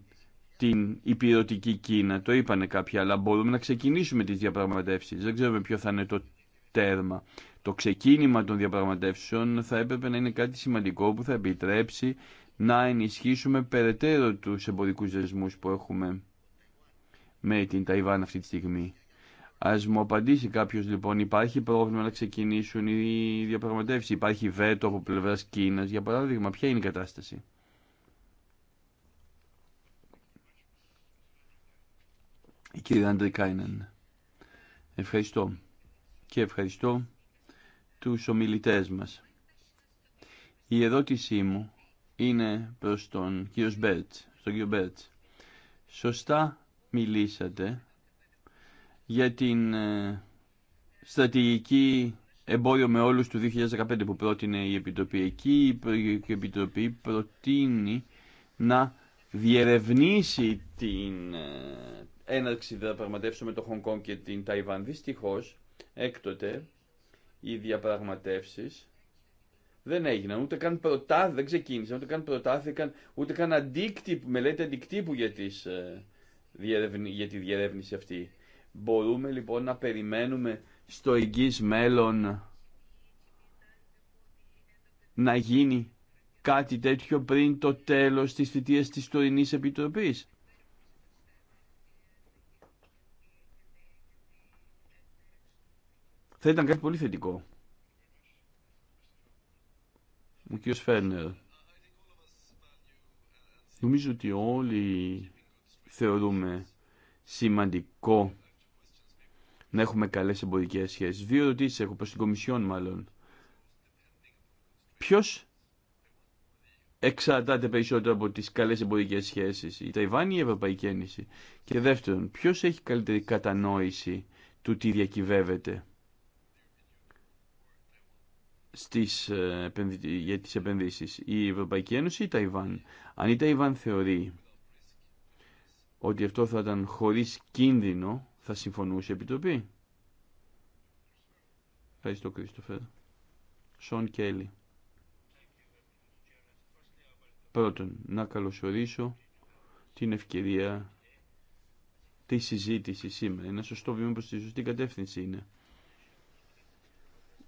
την υπηρετική Κίνα. Το είπανε κάποιοι, αλλά μπορούμε να ξεκινήσουμε τις διαπραγματεύσεις. Δεν ξέρουμε ποιο θα είναι το τέρμα το ξεκίνημα των διαπραγματεύσεων θα έπρεπε να είναι κάτι σημαντικό που θα επιτρέψει να ενισχύσουμε περαιτέρω τους εμπορικού δεσμού που έχουμε με την Ταϊβάν αυτή τη στιγμή. Ας μου απαντήσει κάποιος λοιπόν, υπάρχει πρόβλημα να ξεκινήσουν οι διαπραγματεύσεις, υπάρχει βέτο από πλευράς Κίνας, για παράδειγμα, ποια είναι η κατάσταση. Η κυρία Αντρικάινεν. Ευχαριστώ. Και ευχαριστώ του ομιλητές μας. Η ερώτησή μου είναι προς τον κύριο Μπέρτς, στον Σωστά μιλήσατε για την ε, στρατηγική εμπόριο με όλους του 2015 που πρότεινε η Επιτροπή. Εκεί η Επιτροπή προτείνει να διερευνήσει την ε, έναρξη διαπραγματεύσεων με το Χονγκ Κόνγκ και την Ταϊβάν. Δυστυχώς, έκτοτε, οι διαπραγματεύσει δεν έγιναν, ούτε καν προτάθηκαν, δεν ξεκίνησαν, ούτε καν προτάθηκαν, ούτε καν αντικτύπου μελέτη αντικτύπου για, ε, για τη διερεύνηση αυτή. Μπορούμε λοιπόν να περιμένουμε στο εγγύς μέλλον να γίνει κάτι τέτοιο πριν το τέλος της θητείας της τωρινής επιτροπής. θα ήταν κάτι πολύ θετικό. Ο κ. Φέρνερ. Νομίζω ότι όλοι θεωρούμε σημαντικό να έχουμε καλές εμπορικές σχέσεις. Δύο ερωτήσεις έχω προς την Κομισιόν μάλλον. Ποιος εξαρτάται περισσότερο από τις καλές εμπορικές σχέσεις, η Ταϊβάνη ή η Ευρωπαϊκή Ένωση. Και δεύτερον, ποιος έχει καλύτερη κατανόηση του τι διακυβεύεται στις, ε, για τις επενδύσεις, η Ευρωπαϊκή Ένωση ή η Ταϊβάν. Αν η Ταϊβάν θεωρεί ότι αυτό θα ήταν χωρίς κίνδυνο, θα συμφωνούσε η Επιτροπή. Ευχαριστώ, Κρίστοφερ. Σον Κέλλη. Πρώτον, να καλωσορίσω την ευκαιρία τη συζήτηση σήμερα. Ένα σωστό βήμα προς τη σωστή κατεύθυνση είναι.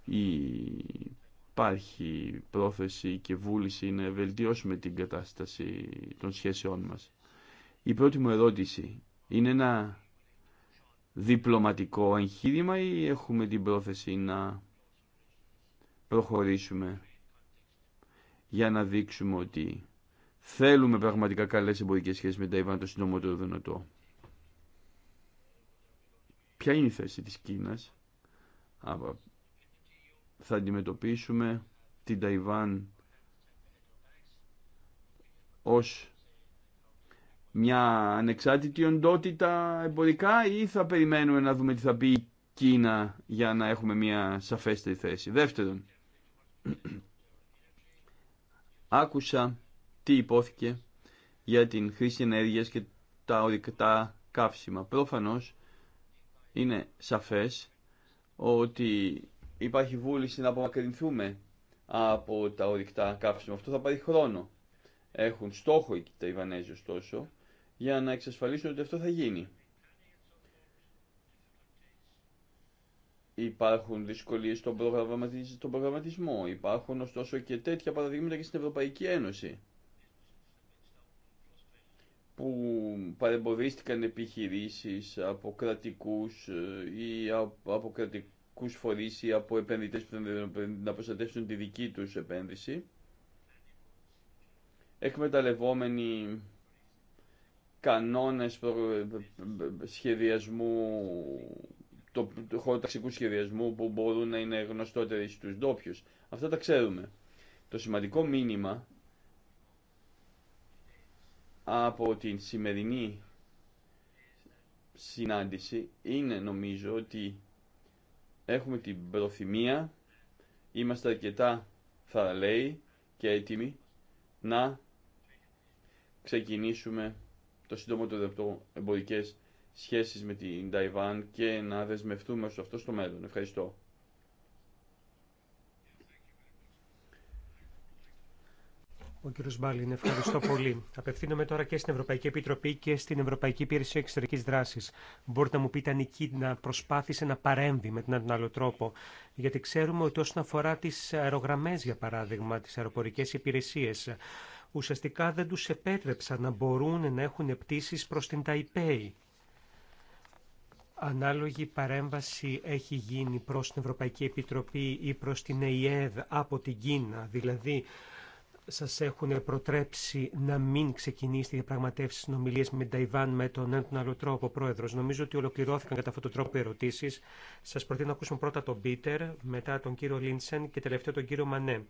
Η υπάρχει πρόθεση και βούληση να βελτιώσουμε την κατάσταση των σχέσεών μας. Η πρώτη μου ερώτηση είναι ένα διπλωματικό εγχείρημα ή έχουμε την πρόθεση να προχωρήσουμε για να δείξουμε ότι θέλουμε πραγματικά καλές εμπορικές σχέσεις με τα Ιβάν το συντομότερο δυνατό. Ποια είναι η θέση της Κίνας θα αντιμετωπίσουμε την Ταϊβάν ως μια ανεξάρτητη οντότητα εμπορικά ή θα περιμένουμε να δούμε τι θα πει η Κίνα για να έχουμε μια σαφέστερη θέση. Δεύτερον, [clears throat] άκουσα τι υπόθηκε για την χρήση ενέργειας και τα ορυκτά καύσιμα. Πρόφανώς είναι σαφές ότι Υπάρχει βούληση να απομακρυνθούμε από τα ορυκτά καύσιμα. Αυτό θα πάρει χρόνο. Έχουν στόχο οι Ταϊβανέζοι ωστόσο για να εξασφαλίσουν ότι αυτό θα γίνει. Υπάρχουν δυσκολίες στον, προγραμματισμό. Υπάρχουν ωστόσο και τέτοια παραδείγματα και στην Ευρωπαϊκή Ένωση που παρεμποδίστηκαν επιχειρήσεις από κρατικούς ε, ή από, ή από επενδυτέ που να προστατεύσουν τη δική τους επένδυση, εκμεταλλευόμενοι κανόνες σχεδιασμού, το, το χωροταξικού σχεδιασμού που μπορούν να είναι γνωστότεροι στους ντόπιου. Αυτά τα ξέρουμε. Το σημαντικό μήνυμα από την σημερινή συνάντηση είναι νομίζω ότι έχουμε την προθυμία, είμαστε αρκετά θαραλέοι και έτοιμοι να ξεκινήσουμε το σύντομο του δεπτό εμπορικές σχέσεις με την Ταϊβάν και να δεσμευτούμε σε αυτό στο μέλλον. Ευχαριστώ. Ο κύριο Μπάλιν, ευχαριστώ πολύ. Απευθύνομαι τώρα και στην Ευρωπαϊκή Επιτροπή και στην Ευρωπαϊκή Υπηρεσία Εξωτερική Δράση. Μπορείτε να μου πείτε αν η Κίνα προσπάθησε να παρέμβει με τον άλλο τρόπο. Γιατί ξέρουμε ότι όσον αφορά τι αερογραμμέ, για παράδειγμα, τι αεροπορικέ υπηρεσίε, ουσιαστικά δεν του επέτρεψαν να μπορούν να έχουν πτήσει προ την Ταϊπέη. Ανάλογη παρέμβαση έχει γίνει προ την Ευρωπαϊκή Επιτροπή ή προς την ΕΙΕΔ από την Κίνα, δηλαδή σας έχουν προτρέψει να μην ξεκινήσετε διαπραγματεύσει συνομιλίε με την Ταϊβάν με τον έναν τον άλλο τρόπο, πρόεδρο. Νομίζω ότι ολοκληρώθηκαν κατά αυτόν τον τρόπο οι ερωτήσει. Σα προτείνω να ακούσουμε πρώτα τον Πίτερ, μετά τον κύριο Λίντσεν και τελευταίο τον κύριο Μανέ.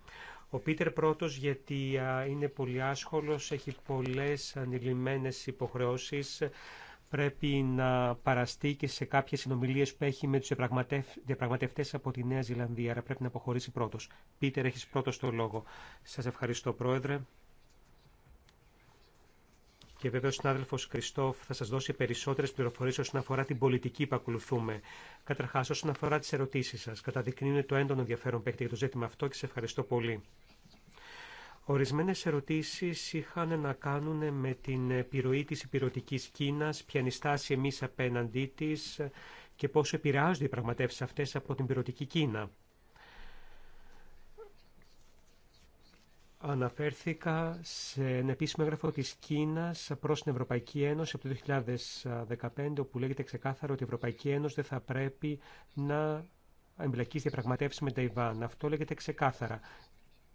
Ο Πίτερ πρώτο γιατί είναι πολύ άσχολο, έχει πολλέ ανηλυμένε υποχρεώσει πρέπει να παραστεί και σε κάποιες συνομιλίες που έχει με τους διαπραγματευτές από τη Νέα Ζηλανδία, άρα πρέπει να αποχωρήσει πρώτος. Πίτερ, έχεις πρώτος το λόγο. Σας ευχαριστώ, Πρόεδρε. Και βέβαια ο συνάδελφο Κριστόφ θα σα δώσει περισσότερε πληροφορίε όσον αφορά την πολιτική που ακολουθούμε. Καταρχά, όσον αφορά τι ερωτήσει σα, καταδεικνύουν το έντονο ενδιαφέρον που έχετε για το ζήτημα αυτό και σε ευχαριστώ πολύ. Ορισμένες ερωτήσεις είχαν να κάνουν με την επιρροή της υπηρετικής Κίνας, ποια είναι η στάση εμείς απέναντί της και πόσο επηρεάζονται οι πραγματεύσεις αυτές από την πυρωτική Κίνα. Αναφέρθηκα σε ένα επίσημο έγγραφο της Κίνας προς την Ευρωπαϊκή Ένωση από το 2015, όπου λέγεται ξεκάθαρο ότι η Ευρωπαϊκή Ένωση δεν θα πρέπει να εμπλακεί διαπραγματεύσει με τα Ιβάν. Αυτό λέγεται ξεκάθαρα.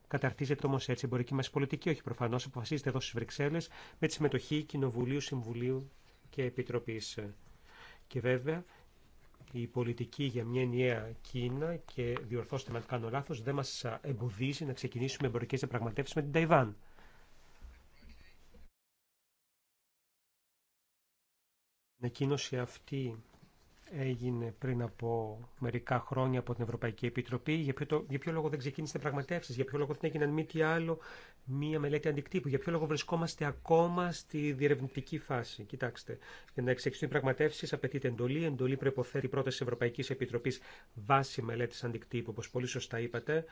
Καταρτίζεται όμω έτσι η εμπορική μα πολιτική, όχι προφανώ, αποφασίζεται εδώ στι Βρυξέλλε με τη συμμετοχή Κοινοβουλίου, Συμβουλίου και Επιτροπή. Και βέβαια η πολιτική για μια ενιαία Κίνα και διορθώστε με αν κάνω λάθο, δεν μα εμποδίζει να ξεκινήσουμε εμπορικέ διαπραγματεύσει με την Ταϊβάν. Η αυτή έγινε πριν από μερικά χρόνια από την Ευρωπαϊκή Επιτροπή. Για ποιο, το, για λόγο δεν ξεκίνησε πραγματεύσει, για ποιο λόγο δεν έγιναν μη τι άλλο μία μελέτη αντικτύπου, για ποιο λόγο βρισκόμαστε ακόμα στη διερευνητική φάση. Κοιτάξτε, για να εξελιχθούν οι πραγματεύσει απαιτείται εντολή. Εντολή προποθέτει πρόταση Ευρωπαϊκή Επιτροπή βάση μελέτη αντικτύπου, όπω πολύ σωστά είπατε.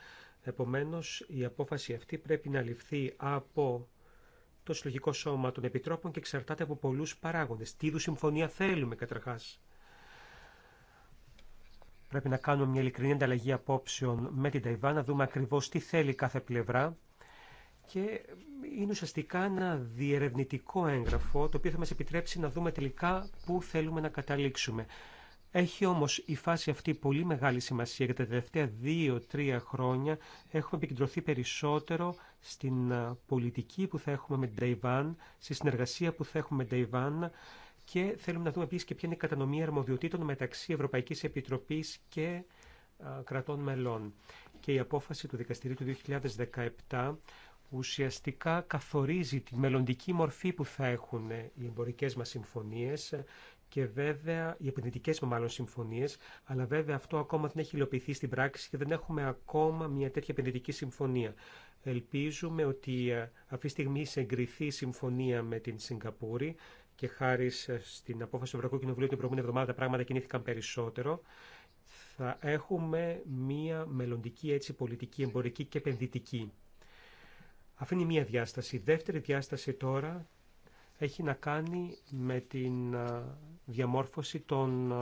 Επομένω, η απόφαση αυτή πρέπει να ληφθεί από το συλλογικό σώμα των επιτρόπων και εξαρτάται από πολλού παράγοντε. Τι είδου συμφωνία θέλουμε καταρχά Πρέπει να κάνουμε μια ειλικρινή ανταλλαγή απόψεων με την Ταϊβάν, να δούμε ακριβώς τι θέλει κάθε πλευρά και είναι ουσιαστικά ένα διερευνητικό έγγραφο το οποίο θα μας επιτρέψει να δούμε τελικά πού θέλουμε να καταλήξουμε. Έχει όμως η φάση αυτή πολύ μεγάλη σημασία για τα τελευταία δύο-τρία χρόνια έχουμε επικεντρωθεί περισσότερο στην πολιτική που θα έχουμε με την Ταϊβάν, στη συνεργασία που θα έχουμε με την Ταϊβάν και θέλουμε να δούμε επίση και ποια είναι η κατανομή αρμοδιοτήτων μεταξύ Ευρωπαϊκή Επιτροπή και κρατών μελών. Και η απόφαση του Δικαστηρίου του 2017 ουσιαστικά καθορίζει τη μελλοντική μορφή που θα έχουν οι εμπορικέ μα συμφωνίε και βέβαια οι επενδυτικέ μα μάλλον συμφωνίε, αλλά βέβαια αυτό ακόμα δεν έχει υλοποιηθεί στην πράξη και δεν έχουμε ακόμα μια τέτοια επενδυτική συμφωνία. Ελπίζουμε ότι αυτή τη στιγμή εγκριθεί η συμφωνία με την Σιγκαπούρη και χάρη στην απόφαση του Ευρωπαϊκού Κοινοβουλίου την προηγούμενη εβδομάδα τα πράγματα κινήθηκαν περισσότερο. Θα έχουμε μία μελλοντική έτσι, πολιτική, εμπορική και επενδυτική. Αυτή είναι μία διάσταση. Η δεύτερη διάσταση τώρα έχει να κάνει με την διαμόρφωση των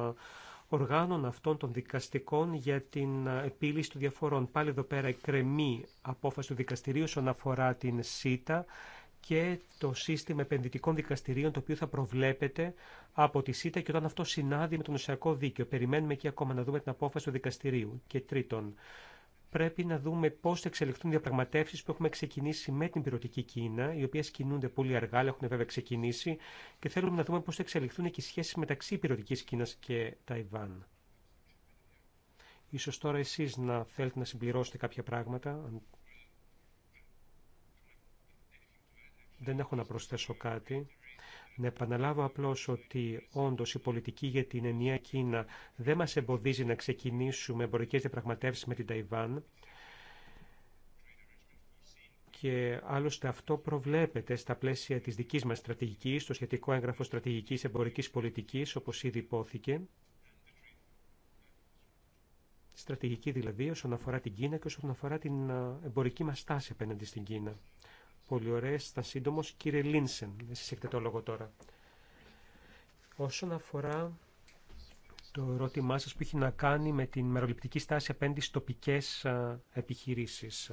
οργάνων αυτών των δικαστικών για την επίλυση των διαφορών. Πάλι εδώ πέρα κρεμή απόφαση του δικαστηρίου όσον αφορά την ΣΥΤΑ και το σύστημα επενδυτικών δικαστηρίων το οποίο θα προβλέπεται από τη ΣΥΤΑ και όταν αυτό συνάδει με το νοσιακό δίκαιο. Περιμένουμε εκεί ακόμα να δούμε την απόφαση του δικαστηρίου. Και τρίτον, πρέπει να δούμε πώ θα εξελιχθούν οι διαπραγματεύσει που έχουμε ξεκινήσει με την πυροτική Κίνα, οι οποίε κινούνται πολύ αργά, αλλά έχουν βέβαια ξεκινήσει, και θέλουμε να δούμε πώ θα εξελιχθούν και οι σχέσει μεταξύ πυρωτική Κίνα και Ταϊβάν. Ίσως τώρα εσείς να θέλετε να συμπληρώσετε κάποια πράγματα, Δεν έχω να προσθέσω κάτι. Να επαναλάβω απλώς ότι όντως η πολιτική για την ενιαία Κίνα δεν μας εμποδίζει να ξεκινήσουμε εμπορικές διαπραγματεύσεις με την Ταϊβάν και άλλωστε αυτό προβλέπεται στα πλαίσια της δικής μας στρατηγικής, στο σχετικό έγγραφο στρατηγικής εμπορικής πολιτικής, όπως ήδη υπόθηκε. Στρατηγική δηλαδή όσον αφορά την Κίνα και όσον αφορά την ε, εμπορική μας στάση απέναντι στην Κίνα. Πολύ ωραία, Στα σύντομο. Κύριε Λίνσεν, εσείς έχετε το λόγο τώρα. Όσον αφορά το ερώτημά σας που έχει να κάνει με την μεροληπτική στάση απέναντι στις τοπικές επιχειρήσεις.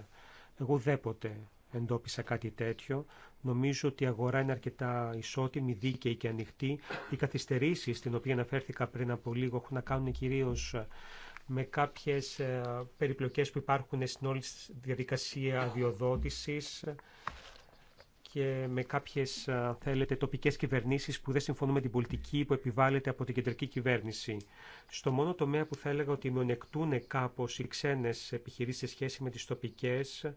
Εγώ δέποτε εντόπισα κάτι τέτοιο. Νομίζω ότι η αγορά είναι αρκετά ισότιμη, δίκαιη και ανοιχτή. Οι καθυστερήσεις, στην οποία αναφέρθηκα πριν από λίγο, έχουν να κάνουν κυρίως με κάποιες περιπλοκές που υπάρχουν στην όλη διαδικασία αδειοδότησης και με κάποιες, θέλετε, τοπικές κυβερνήσεις που δεν συμφωνούν με την πολιτική που επιβάλλεται από την κεντρική κυβέρνηση. Στο μόνο τομέα που θα έλεγα ότι μειονεκτούν κάπως οι ξένες επιχειρήσεις σε σχέση με τις τοπικές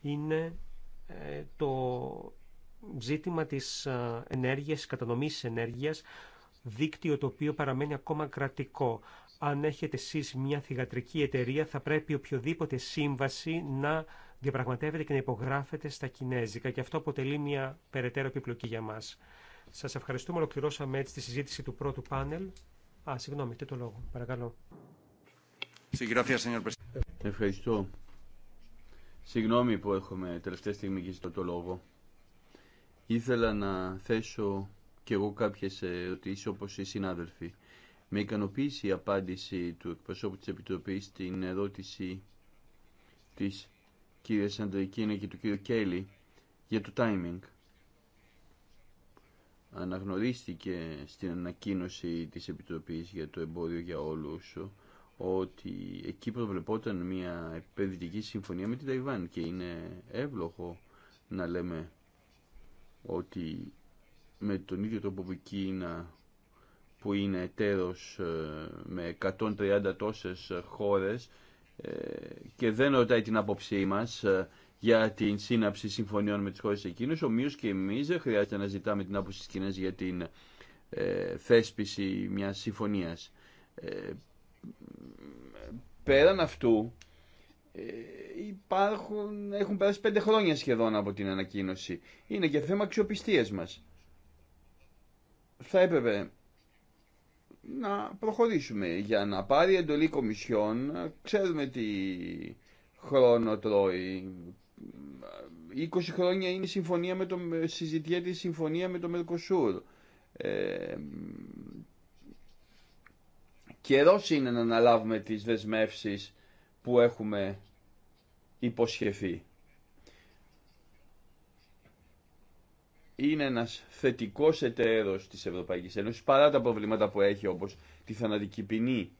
είναι ε, το ζήτημα της ενέργειας, κατανομής ενέργειας, δίκτυο το οποίο παραμένει ακόμα κρατικό. Αν έχετε εσείς μια θηγατρική εταιρεία θα πρέπει οποιοδήποτε σύμβαση να διαπραγματεύεται και να υπογράφεται στα Κινέζικα και αυτό αποτελεί μια περαιτέρω επιπλοκή για μα. Σα ευχαριστούμε. Ολοκληρώσαμε έτσι τη συζήτηση του πρώτου πάνελ. Α, συγγνώμη, τι το λόγο. Παρακαλώ. Ευχαριστώ. Συγγνώμη που έχουμε τελευταία στιγμή και αυτό το λόγο. Ήθελα να θέσω κι εγώ κάποιε ερωτήσει όπω οι συνάδελφοι. Με ικανοποίηση η απάντηση του εκπροσώπου της Επιτροπής στην ερώτηση της κύριε είναι και του κύριου Κέλλη για το timing. Αναγνωρίστηκε στην ανακοίνωση της Επιτροπής για το εμπόριο για όλους ότι εκεί προβλεπόταν μια επενδυτική συμφωνία με την Ταϊβάν και είναι εύλογο να λέμε ότι με τον ίδιο τρόπο που η που είναι εταίρος ε, με 130 τόσες χώρες και δεν ρωτάει την άποψή μα ε, για την σύναψη συμφωνιών με τις χώρες εκείνες, ομοίως και εμείς δεν χρειάζεται να ζητάμε την άποψη τη Κίνας για την ε, θέσπιση μια συμφωνία. Ε, πέραν αυτού, υπάρχουν, έχουν περάσει πέντε χρόνια σχεδόν από την ανακοίνωση. Είναι και θέμα αξιοπιστία μας. Θα έπρεπε να προχωρήσουμε για να πάρει εντολή κομισιόν ξέρουμε τι χρόνο τρώει 20 χρόνια είναι συμφωνία με το, συζητιέται η συμφωνία με το Μερκοσούρ ε, καιρός είναι να αναλάβουμε τις δεσμεύσεις που έχουμε υποσχεθεί είναι ένα θετικό εταίρο τη Ευρωπαϊκή Ένωση, παρά τα προβλήματα που έχει όπως τη θανατική ποινή.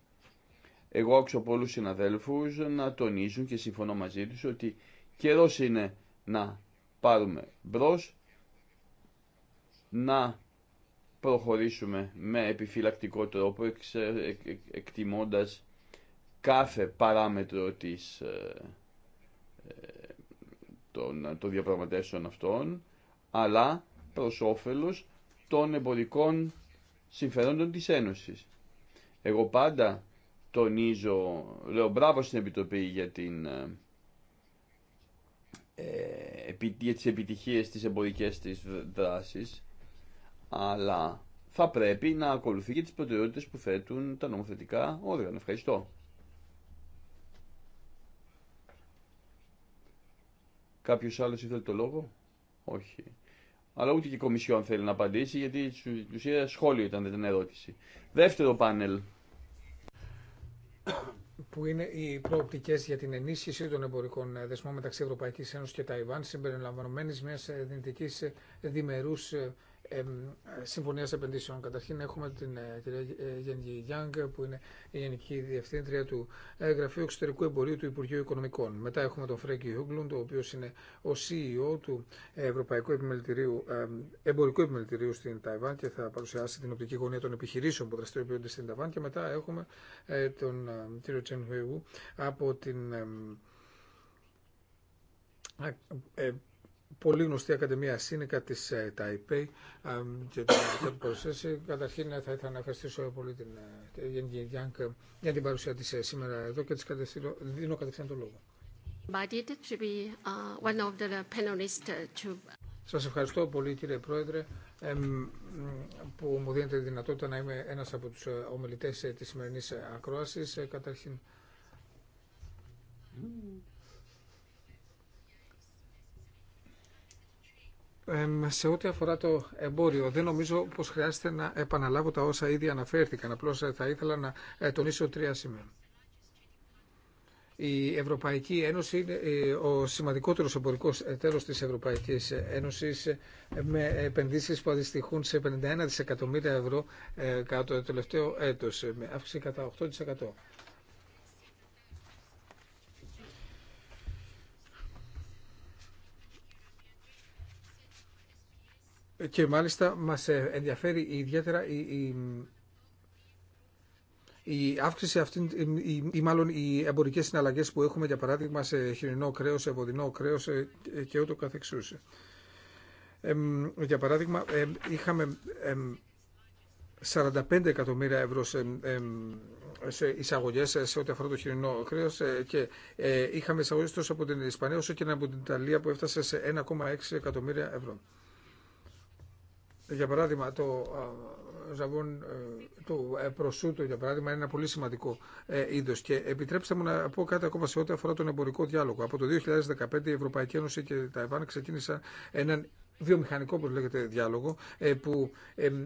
Εγώ άκουσα πολλού συναδέλφους να τονίζουν και συμφωνώ μαζί τους ότι καιρό είναι να πάρουμε μπρο, να προχωρήσουμε με επιφυλακτικό τρόπο ε, ε, εκτιμώντας κάθε παράμετρο της, ε, των διαπραγματεύσεων αυτών αλλά προς όφελος των εμπορικών συμφερόντων της Ένωσης. Εγώ πάντα τονίζω, λέω μπράβο στην Επιτροπή για, την, ε, ε για τις επιτυχίες της εμπορικές της δράσης, αλλά θα πρέπει να ακολουθεί και τις προτεραιότητες που θέτουν τα νομοθετικά όργανα. Ευχαριστώ. Κάποιος άλλος ήθελε το λόγο? Όχι αλλά ούτε και η Κομισιόν θέλει να απαντήσει, γιατί στην ουσία σχόλιο ήταν την ερώτηση. Δεύτερο πάνελ. Που είναι οι προοπτικέ για την ενίσχυση των εμπορικών δεσμών μεταξύ Ευρωπαϊκή Ένωση και Ταϊβάν, συμπεριλαμβανομένη μια δυνητική διμερού ε, Συμφωνία Επενδύσεων. Καταρχήν έχουμε την ε, κυρία ε, Γιάννη Γιάνγκ που είναι η Γενική Διευθύντρια του ε, Γραφείου Εξωτερικού Εμπορίου του Υπουργείου Οικονομικών. Μετά έχουμε τον Φρέγκη Χούγκλουντ, ο οποίο είναι ο CEO του Ευρωπαϊκού Επιμελητηρίου, Εμπορικού Επιμελητηρίου στην Ταϊβάν και θα παρουσιάσει την οπτική γωνία των επιχειρήσεων που δραστηριοποιούνται στην Ταϊβάν. Και μετά έχουμε τον κύριο Τσεν Χουιού από την πολύ γνωστή Ακαδημία σύννεκα τη ε, Ταϊπέη και την παρουσίασε. Καταρχήν ε, θα ήθελα να ευχαριστήσω πολύ την ε, Γενική Γιάνκ για την παρουσία τη σήμερα εδώ και τη δίνω κατευθείαν το λόγο. Uh, uh, Σα ευχαριστώ πολύ κύριε Πρόεδρε που μου δίνετε τη δυνατότητα να είμαι ένας από τους ομιλητές της σημερινής ακρόασης. Καταρχήν σε ό,τι αφορά το εμπόριο, δεν νομίζω πως χρειάζεται να επαναλάβω τα όσα ήδη αναφέρθηκαν. Απλώς ε, θα ήθελα να ε, τονίσω τρία σημεία. Η Ευρωπαϊκή Ένωση είναι ε, ο σημαντικότερος εμπορικός εταίρος της Ευρωπαϊκής Ένωσης με επενδύσεις που αντιστοιχούν σε 51 δισεκατομμύρια ευρώ κατά το τελευταίο έτος, με αύξηση κατά 8%. Και μάλιστα μας ε, ενδιαφέρει ιδιαίτερα η, η, η αύξηση αυτή, ή, μάλλον οι εμπορικές συναλλαγές που έχουμε για παράδειγμα σε χοιρινό κρέος, σε βοδινό κρέος ε, και ούτω καθεξούς. Ε, για παράδειγμα είχαμε 45 εκατομμύρια ευρώ σε, σε εισαγωγέ ε, σε ό,τι αφορά το χοιρινό κρέο και είχαμε εισαγωγέ τόσο από την Ισπανία όσο και από την Ιταλία που έφτασε σε 1,6 εκατομμύρια ευρώ. Για παράδειγμα, το ζαβόν ε, του ε, προσούτου, για παράδειγμα, είναι ένα πολύ σημαντικό ε, είδο. Και επιτρέψτε μου να πω κάτι ακόμα σε ό,τι αφορά τον εμπορικό διάλογο. Από το 2015 η Ευρωπαϊκή Ένωση και τα Ιβάν ξεκίνησαν έναν βιομηχανικό, όπω λέγεται, διάλογο, που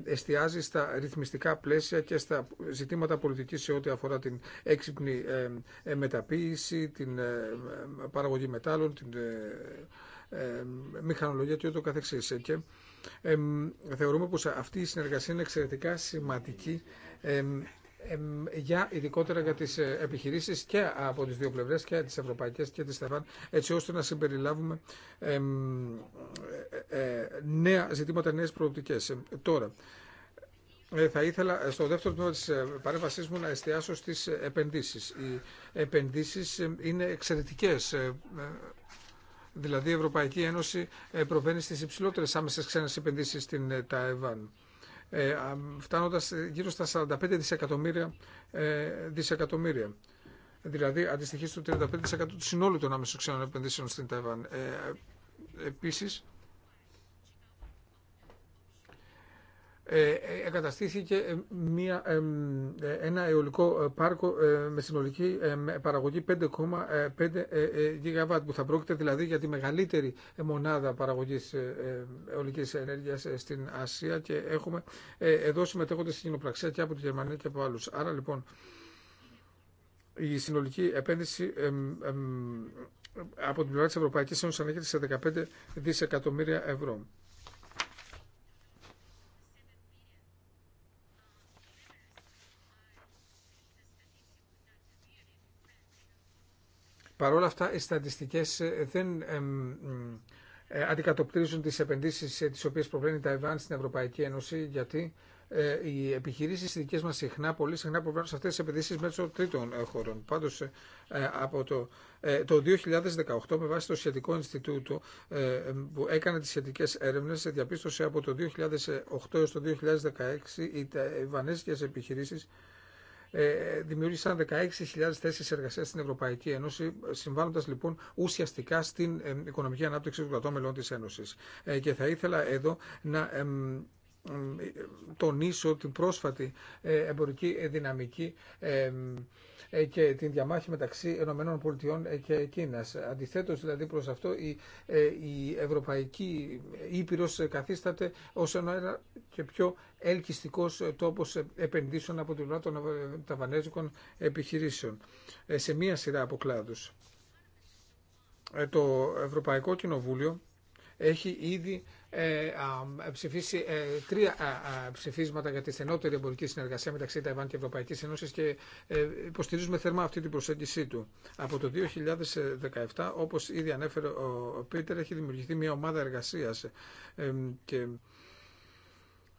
εστιάζει στα ρυθμιστικά πλαίσια και στα ζητήματα πολιτική σε ό,τι αφορά την έξυπνη μεταποίηση, την παραγωγή μετάλλων, την μηχανολογία και ούτω καθεξής. Και θεωρούμε πως αυτή η συνεργασία είναι εξαιρετικά σημαντική για, ειδικότερα για τις ε, επιχειρήσεις και από τις δύο πλευρές και τις ευρωπαϊκές και τις ΤΕΦΑΝ έτσι ώστε να συμπεριλάβουμε ε, ε, νέα ζητήματα, νέες προοπτικές. Τώρα, θα ήθελα στο δεύτερο τμήμα της παρέμβασής μου να εστιάσω στις επενδύσεις. Οι επενδύσεις είναι εξαιρετικές Δηλαδή η Ευρωπαϊκή Ένωση ε, προβαίνει στις υψηλότερες άμεσες ξένες επενδύσεις στην ε, Ταϊβάν ε, φτάνοντας γύρω στα 45 δισεκατομμύρια, δισεκατομμύρια. Δηλαδή αντιστοιχεί στο 35% του συνόλου των άμεσων ξένων επενδύσεων στην Ταϊβάν. Ε, επίσης, Ε, ε, εγκαταστήθηκε ε, μια, ένα αιωλικό πάρκο με συνολική παραγωγή 5,5 GW που θα πρόκειται δηλαδή για τη μεγαλύτερη μονάδα παραγωγής αιωλικής ενέργειας στην Ασία και έχουμε εδώ συμμετέχονται στην κοινοπραξία και από τη Γερμανία και από άλλους. Άρα λοιπόν η συνολική επένδυση από την πλευρά της Ευρωπαϊκής Ένωσης ανέχεται σε 15 δισεκατομμύρια ευρώ. Παρ' όλα αυτά οι στατιστικές ε, δεν ε, ε, αντικατοπτρίζουν τις επενδύσεις τις οποίες προβλέπει η Ταϊβάν στην Ευρωπαϊκή Ένωση γιατί οι επιχειρήσει δικέ μα συχνά, πολύ συχνά προβαίνουν σε αυτέ τι επενδύσει μέσω τρίτων χωρών. Πάντω, από το, το 2018, με βάση το Σχετικό Ινστιτούτο που έκανε τι σχετικέ έρευνε, διαπίστωσε από το 2008 έω το 2016 οι ταϊβανέζικε επιχειρήσει ε, δημιούργησαν 16.000 θέσεις εργασίας στην Ευρωπαϊκή Ένωση, συμβάλλοντας λοιπόν ουσιαστικά στην ε, οικονομική ανάπτυξη των κρατών μελών της Ένωσης. Ε, και θα ήθελα εδώ να τονίσω την πρόσφατη ε, εμπορική ε, δυναμική ε, και την διαμάχη μεταξύ ΗΠΑ και Κίνας. Αντιθέτως δηλαδή προς αυτό η, η Ευρωπαϊκή Ήπειρος καθίσταται ως ένα και πιο ελκυστικός τόπος επενδύσεων από την πλευρά των ταβανέζικων επιχειρήσεων σε μία σειρά από κλάδους. Το Ευρωπαϊκό Κοινοβούλιο έχει ήδη ε, ε, ψηφίσει ε, τρία ψηφίσματα για τη στενότερη εμπορική συνεργασία μεταξύ Ταϊβάν και Ευρωπαϊκή Ένωση και υποστηρίζουμε θερμά αυτή την προσέγγιση του. Από το 2017, όπως ήδη ανέφερε ο Πίτερ, έχει δημιουργηθεί μια ομάδα εργασίας και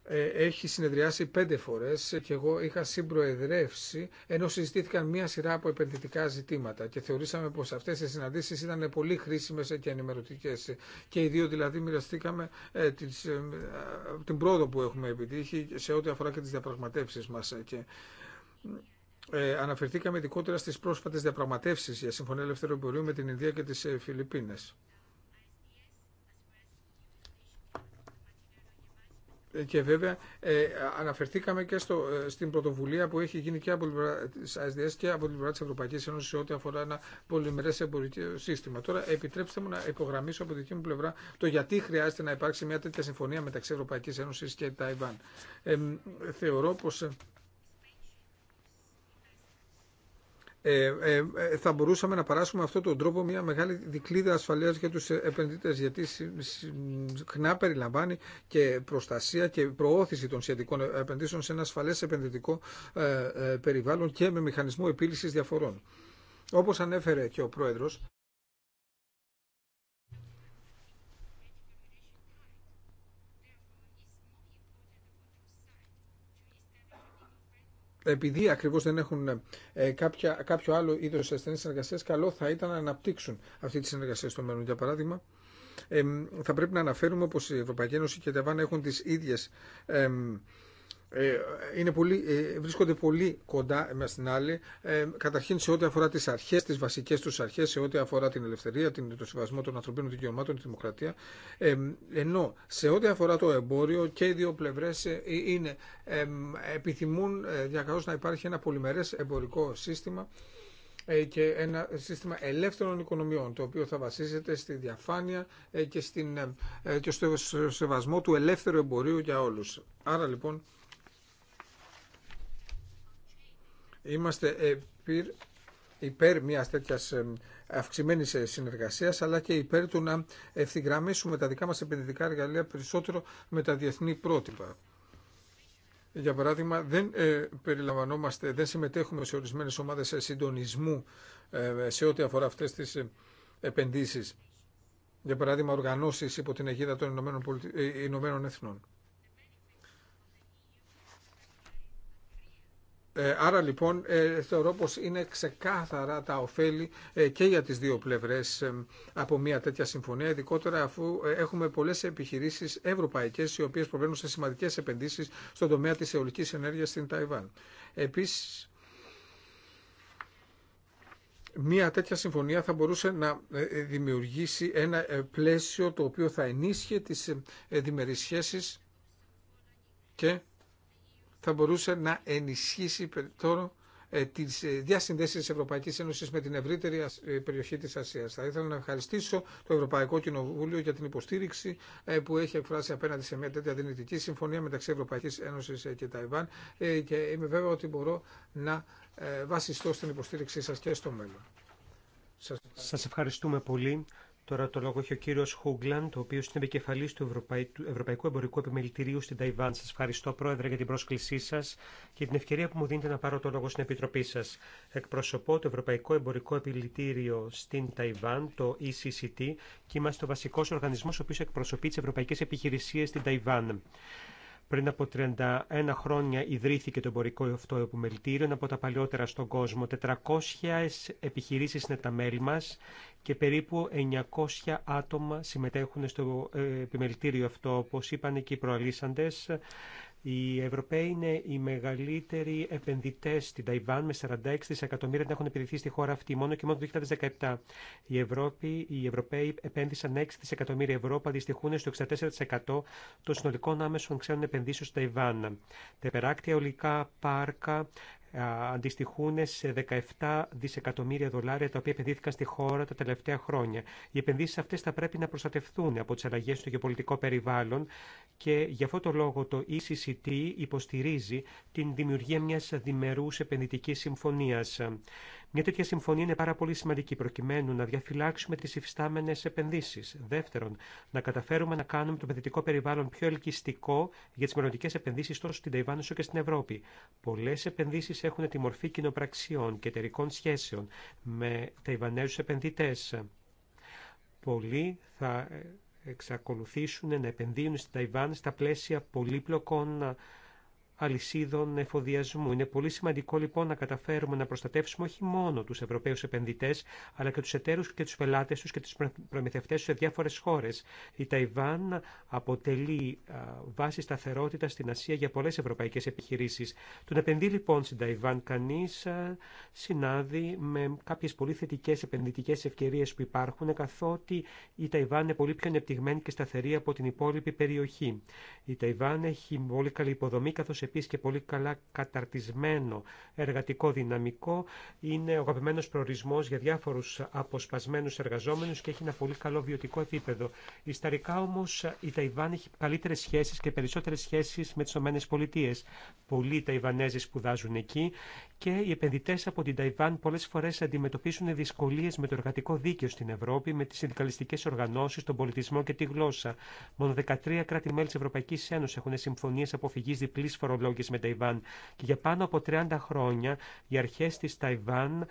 ε, έχει συνεδριάσει πέντε φορές και εγώ είχα συμπροεδρεύσει ενώ συζητήθηκαν μία σειρά από επενδυτικά ζητήματα και θεωρήσαμε πως αυτές οι συναντήσεις ήταν πολύ χρήσιμες και ενημερωτικέ και οι δύο δηλαδή μοιραστήκαμε ε, ε, την πρόοδο που έχουμε επιτύχει σε ό,τι αφορά και τις διαπραγματεύσεις μας και ε, αναφερθήκαμε ειδικότερα στις πρόσφατες διαπραγματεύσεις για συμφωνία ελευθερού εμπορίου με την Ινδία και τις Φιλιππίνες. Και βέβαια ε, αναφερθήκαμε και στο, ε, στην πρωτοβουλία που έχει γίνει και από την πλευρά και από την πλευρά τη Ευρωπαϊκή Ένωση σε ό,τι αφορά ένα πολυμερέ εμπορικό σύστημα. Τώρα, επιτρέψτε μου να υπογραμμίσω από δική μου πλευρά το γιατί χρειάζεται να υπάρξει μια τέτοια συμφωνία μεταξύ Ευρωπαϊκή Ένωση και Ταϊβάν. Ε, θεωρώ πω Ε, ε, ε, θα μπορούσαμε να παράσουμε αυτόν τον τρόπο μια μεγάλη δικλίδα ασφαλείας για τους επενδυτές γιατί συχνά περιλαμβάνει και προστασία και προώθηση των σχετικών επενδύσεων σε ένα ασφαλές επενδυτικό περιβάλλον και με μηχανισμό επίλυσης διαφορών. Όπως ανέφερε και ο Πρόεδρος, επειδή ακριβώς δεν έχουν ε, κάποιο άλλο είδος ασθενής συνεργασίας, καλό θα ήταν να αναπτύξουν αυτή τη συνεργασία στο μέλλον. Για παράδειγμα, θα πρέπει να αναφέρουμε πως η Ευρωπαϊκή Ένωση και η Ταβάνα έχουν τις ίδιες ε, είναι πολύ, ε, βρίσκονται πολύ κοντά μια στην άλλη. Ε, καταρχήν σε ό,τι αφορά τις αρχές, τις βασικές τους αρχές, σε ό,τι αφορά την ελευθερία, την, το σεβασμό των ανθρωπίνων δικαιωμάτων, τη δημοκρατία. ενώ σε ό,τι αφορά το εμπόριο και οι δύο πλευρές είναι, επιθυμούν διακαώς να υπάρχει ένα πολυμερές εμπορικό σύστημα και ένα σύστημα ελεύθερων οικονομιών, το οποίο θα βασίζεται στη διαφάνεια και, στην, και στο σεβασμό του ελεύθερου εμπορίου για όλους. Άρα λοιπόν Είμαστε υπέρ μια τέτοια αυξημένη ε, συνεργασία, αλλά και υπέρ του να ευθυγραμμίσουμε τα δικά μα επενδυτικά εργαλεία περισσότερο με τα διεθνή πρότυπα. Για παράδειγμα, δεν ε, περιλαμβανόμαστε, δεν συμμετέχουμε σε ορισμένε ομάδε ε, συντονισμού σε ό,τι αφορά αυτέ τι επενδύσει. Για παράδειγμα, οργανώσει υπό την αιγίδα των Ηνωμένων Εθνών. Ε, άρα λοιπόν ε, θεωρώ πως είναι ξεκάθαρα τα ωφέλη ε, και για τις δύο πλευρές από μια τέτοια συμφωνία, ειδικότερα αφού έχουμε πολλές επιχειρήσεις ευρωπαϊκές οι οποίες προβαίνουν σε σημαντικές επενδύσεις στον τομέα της αιωλικής ενέργειας στην Ταϊβάν. Επίσης, μια τέτοια συμφωνία θα μπορούσε να δημιουργήσει ένα πλαίσιο το οποίο θα ενίσχυε τις διμερείς σχέσεις και θα μπορούσε να ενισχύσει τώρα ε, τι ε, διασυνδέσει τη Ευρωπαϊκή Ένωση με την ευρύτερη ε, περιοχή τη Ασία. Θα ήθελα να ευχαριστήσω το Ευρωπαϊκό Κοινοβούλιο για την υποστήριξη που έχει εκφράσει απέναντι σε μια τέτοια δυνητική συμφωνία μεταξύ Ευρωπαϊκή Ένωση και Ταϊβάν και είμαι βέβαιο ότι μπορώ να βασιστώ στην υποστήριξή σα και στο μέλλον. Σα ευχαριστούμε πολύ. Τώρα το λόγο έχει ο κύριο Χούγκλαντ, ο οποίο είναι επικεφαλή του Ευρωπαϊκού Εμπορικού Επιμελητηρίου στην Ταϊβάν. Σα ευχαριστώ, Πρόεδρε, για την πρόσκλησή σα και την ευκαιρία που μου δίνετε να πάρω το λόγο στην Επιτροπή σα. Εκπροσωπώ το Ευρωπαϊκό Εμπορικό Επιμελητήριο στην Ταϊβάν, το ECCT, και είμαστε ο βασικό οργανισμό ο οποίο εκπροσωπεί τι ευρωπαϊκέ επιχειρησίε στην Ταϊβάν. Πριν από 31 χρόνια ιδρύθηκε το εμπορικό αυτό επιμελητήριο, από τα παλιότερα στον κόσμο. 400 επιχειρήσει είναι τα μέλη μα και περίπου 900 άτομα συμμετέχουν στο ε, επιμελητήριο αυτό. Όπως είπαν και οι προαλήσαντες, οι Ευρωπαίοι είναι οι μεγαλύτεροι επενδυτές στην Ταϊβάν με 46 δισεκατομμύρια να έχουν επιδηθεί στη χώρα αυτή μόνο και μόνο το 2017. Η Ευρώπη, οι Ευρωπαίοι επένδυσαν 6 δισεκατομμύρια ευρώ που αντιστοιχούν στο 64% των συνολικών άμεσων ξένων επενδύσεων στην Ταϊβάν. Τα υπεράκτια ολικά πάρκα αντιστοιχούν σε 17 δισεκατομμύρια δολάρια τα οποία επενδύθηκαν στη χώρα τα τελευταία χρόνια. Οι επενδύσει αυτέ θα πρέπει να προστατευθούν από τι αλλαγέ στο γεωπολιτικό περιβάλλον και γι' αυτό το λόγο το ECCT υποστηρίζει την δημιουργία μια διμερούς επενδυτική συμφωνία. Μια τέτοια συμφωνία είναι πάρα πολύ σημαντική προκειμένου να διαφυλάξουμε τι υφιστάμενε επενδύσει. Δεύτερον, να καταφέρουμε να κάνουμε το επενδυτικό περιβάλλον πιο ελκυστικό για τι μελλοντικέ επενδύσει τόσο στην Ταϊβάν όσο και στην Ευρώπη. Πολλέ επενδύσει έχουν τη μορφή κοινοπραξιών και εταιρικών σχέσεων με Ταϊβανέζου επενδυτέ. Πολλοί θα εξακολουθήσουν να επενδύουν στην Ταϊβάν στα πλαίσια πολύπλοκων αλυσίδων εφοδιασμού. Είναι πολύ σημαντικό λοιπόν να καταφέρουμε να προστατεύσουμε όχι μόνο τους Ευρωπαίους επενδυτές, αλλά και του εταίρου και του πελάτε του και του προμηθευτέ του σε διάφορε χώρε. Η Ταϊβάν αποτελεί βάση σταθερότητα στην Ασία για πολλέ ευρωπαϊκέ επιχειρήσει. Τον να επενδύει λοιπόν στην Ταϊβάν κανεί συνάδει με κάποιε πολύ θετικέ επενδυτικέ ευκαιρίε που υπάρχουν, καθότι η Ταϊβάν είναι πολύ πιο ανεπτυγμένη και σταθερή από την υπόλοιπη περιοχή. Η Ταϊβάν έχει πολύ καλή υποδομή, καθώς επίσης και πολύ καλά καταρτισμένο εργατικό δυναμικό. Είναι ο αγαπημένο προορισμός για διάφορους αποσπασμένους εργαζόμενους και έχει ένα πολύ καλό βιωτικό επίπεδο. Ισταρικά όμως η Ταϊβάν έχει καλύτερες σχέσεις και περισσότερες σχέσεις με τις ΗΠΑ. Πολλοί Ταϊβανέζοι σπουδάζουν εκεί και οι επενδυτέ από την Ταϊβάν πολλέ φορέ αντιμετωπίσουν δυσκολίε με το εργατικό δίκαιο στην Ευρώπη, με τι συνδικαλιστικέ οργανώσει, τον πολιτισμό και τη γλώσσα. Μόνο 13 κράτη-μέλη τη Ευρωπαϊκή Ένωση έχουν συμφωνίε αποφυγή διπλή φορολόγηση με Ταϊβάν και για πάνω από 30 χρόνια οι αρχέ τη Ταϊβάν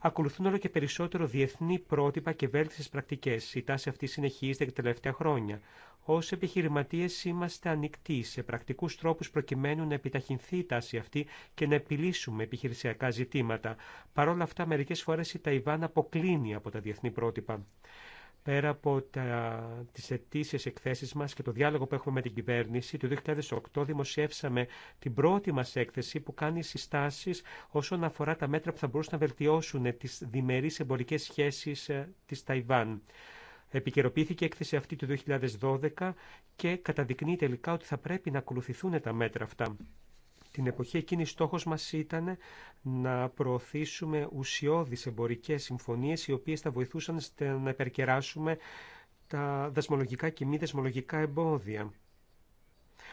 ακολουθούν όλο και περισσότερο διεθνή πρότυπα και βέλτιστε πρακτικέ. Η τάση αυτή συνεχίζεται και τα τελευταία χρόνια. Ως επιχειρηματίες είμαστε ανοιχτοί σε πρακτικούς τρόπους προκειμένου να επιταχυνθεί η τάση αυτή και να επιλύσουμε επιχειρησιακά ζητήματα. Παρ' όλα αυτά, μερικές φορές η Ταϊβάν αποκλίνει από τα διεθνή πρότυπα. Πέρα από τα, τις εκθέσει εκθέσεις μας και το διάλογο που έχουμε με την κυβέρνηση, το 2008 δημοσιεύσαμε την πρώτη μας έκθεση που κάνει συστάσεις όσον αφορά τα μέτρα που θα μπορούσαν να βελτιώσουν τις διμερείς εμπορικές σχέσεις ε, της Ταϊβάν. Επικαιροποιήθηκε η έκθεση αυτή του 2012 και καταδεικνύει τελικά ότι θα πρέπει να ακολουθηθούν τα μέτρα αυτά. Την εποχή εκείνη στόχος μας ήταν να προωθήσουμε ουσιώδεις εμπορικές συμφωνίες οι οποίες θα βοηθούσαν να υπερκεράσουμε τα δασμολογικά και μη δασμολογικά εμπόδια.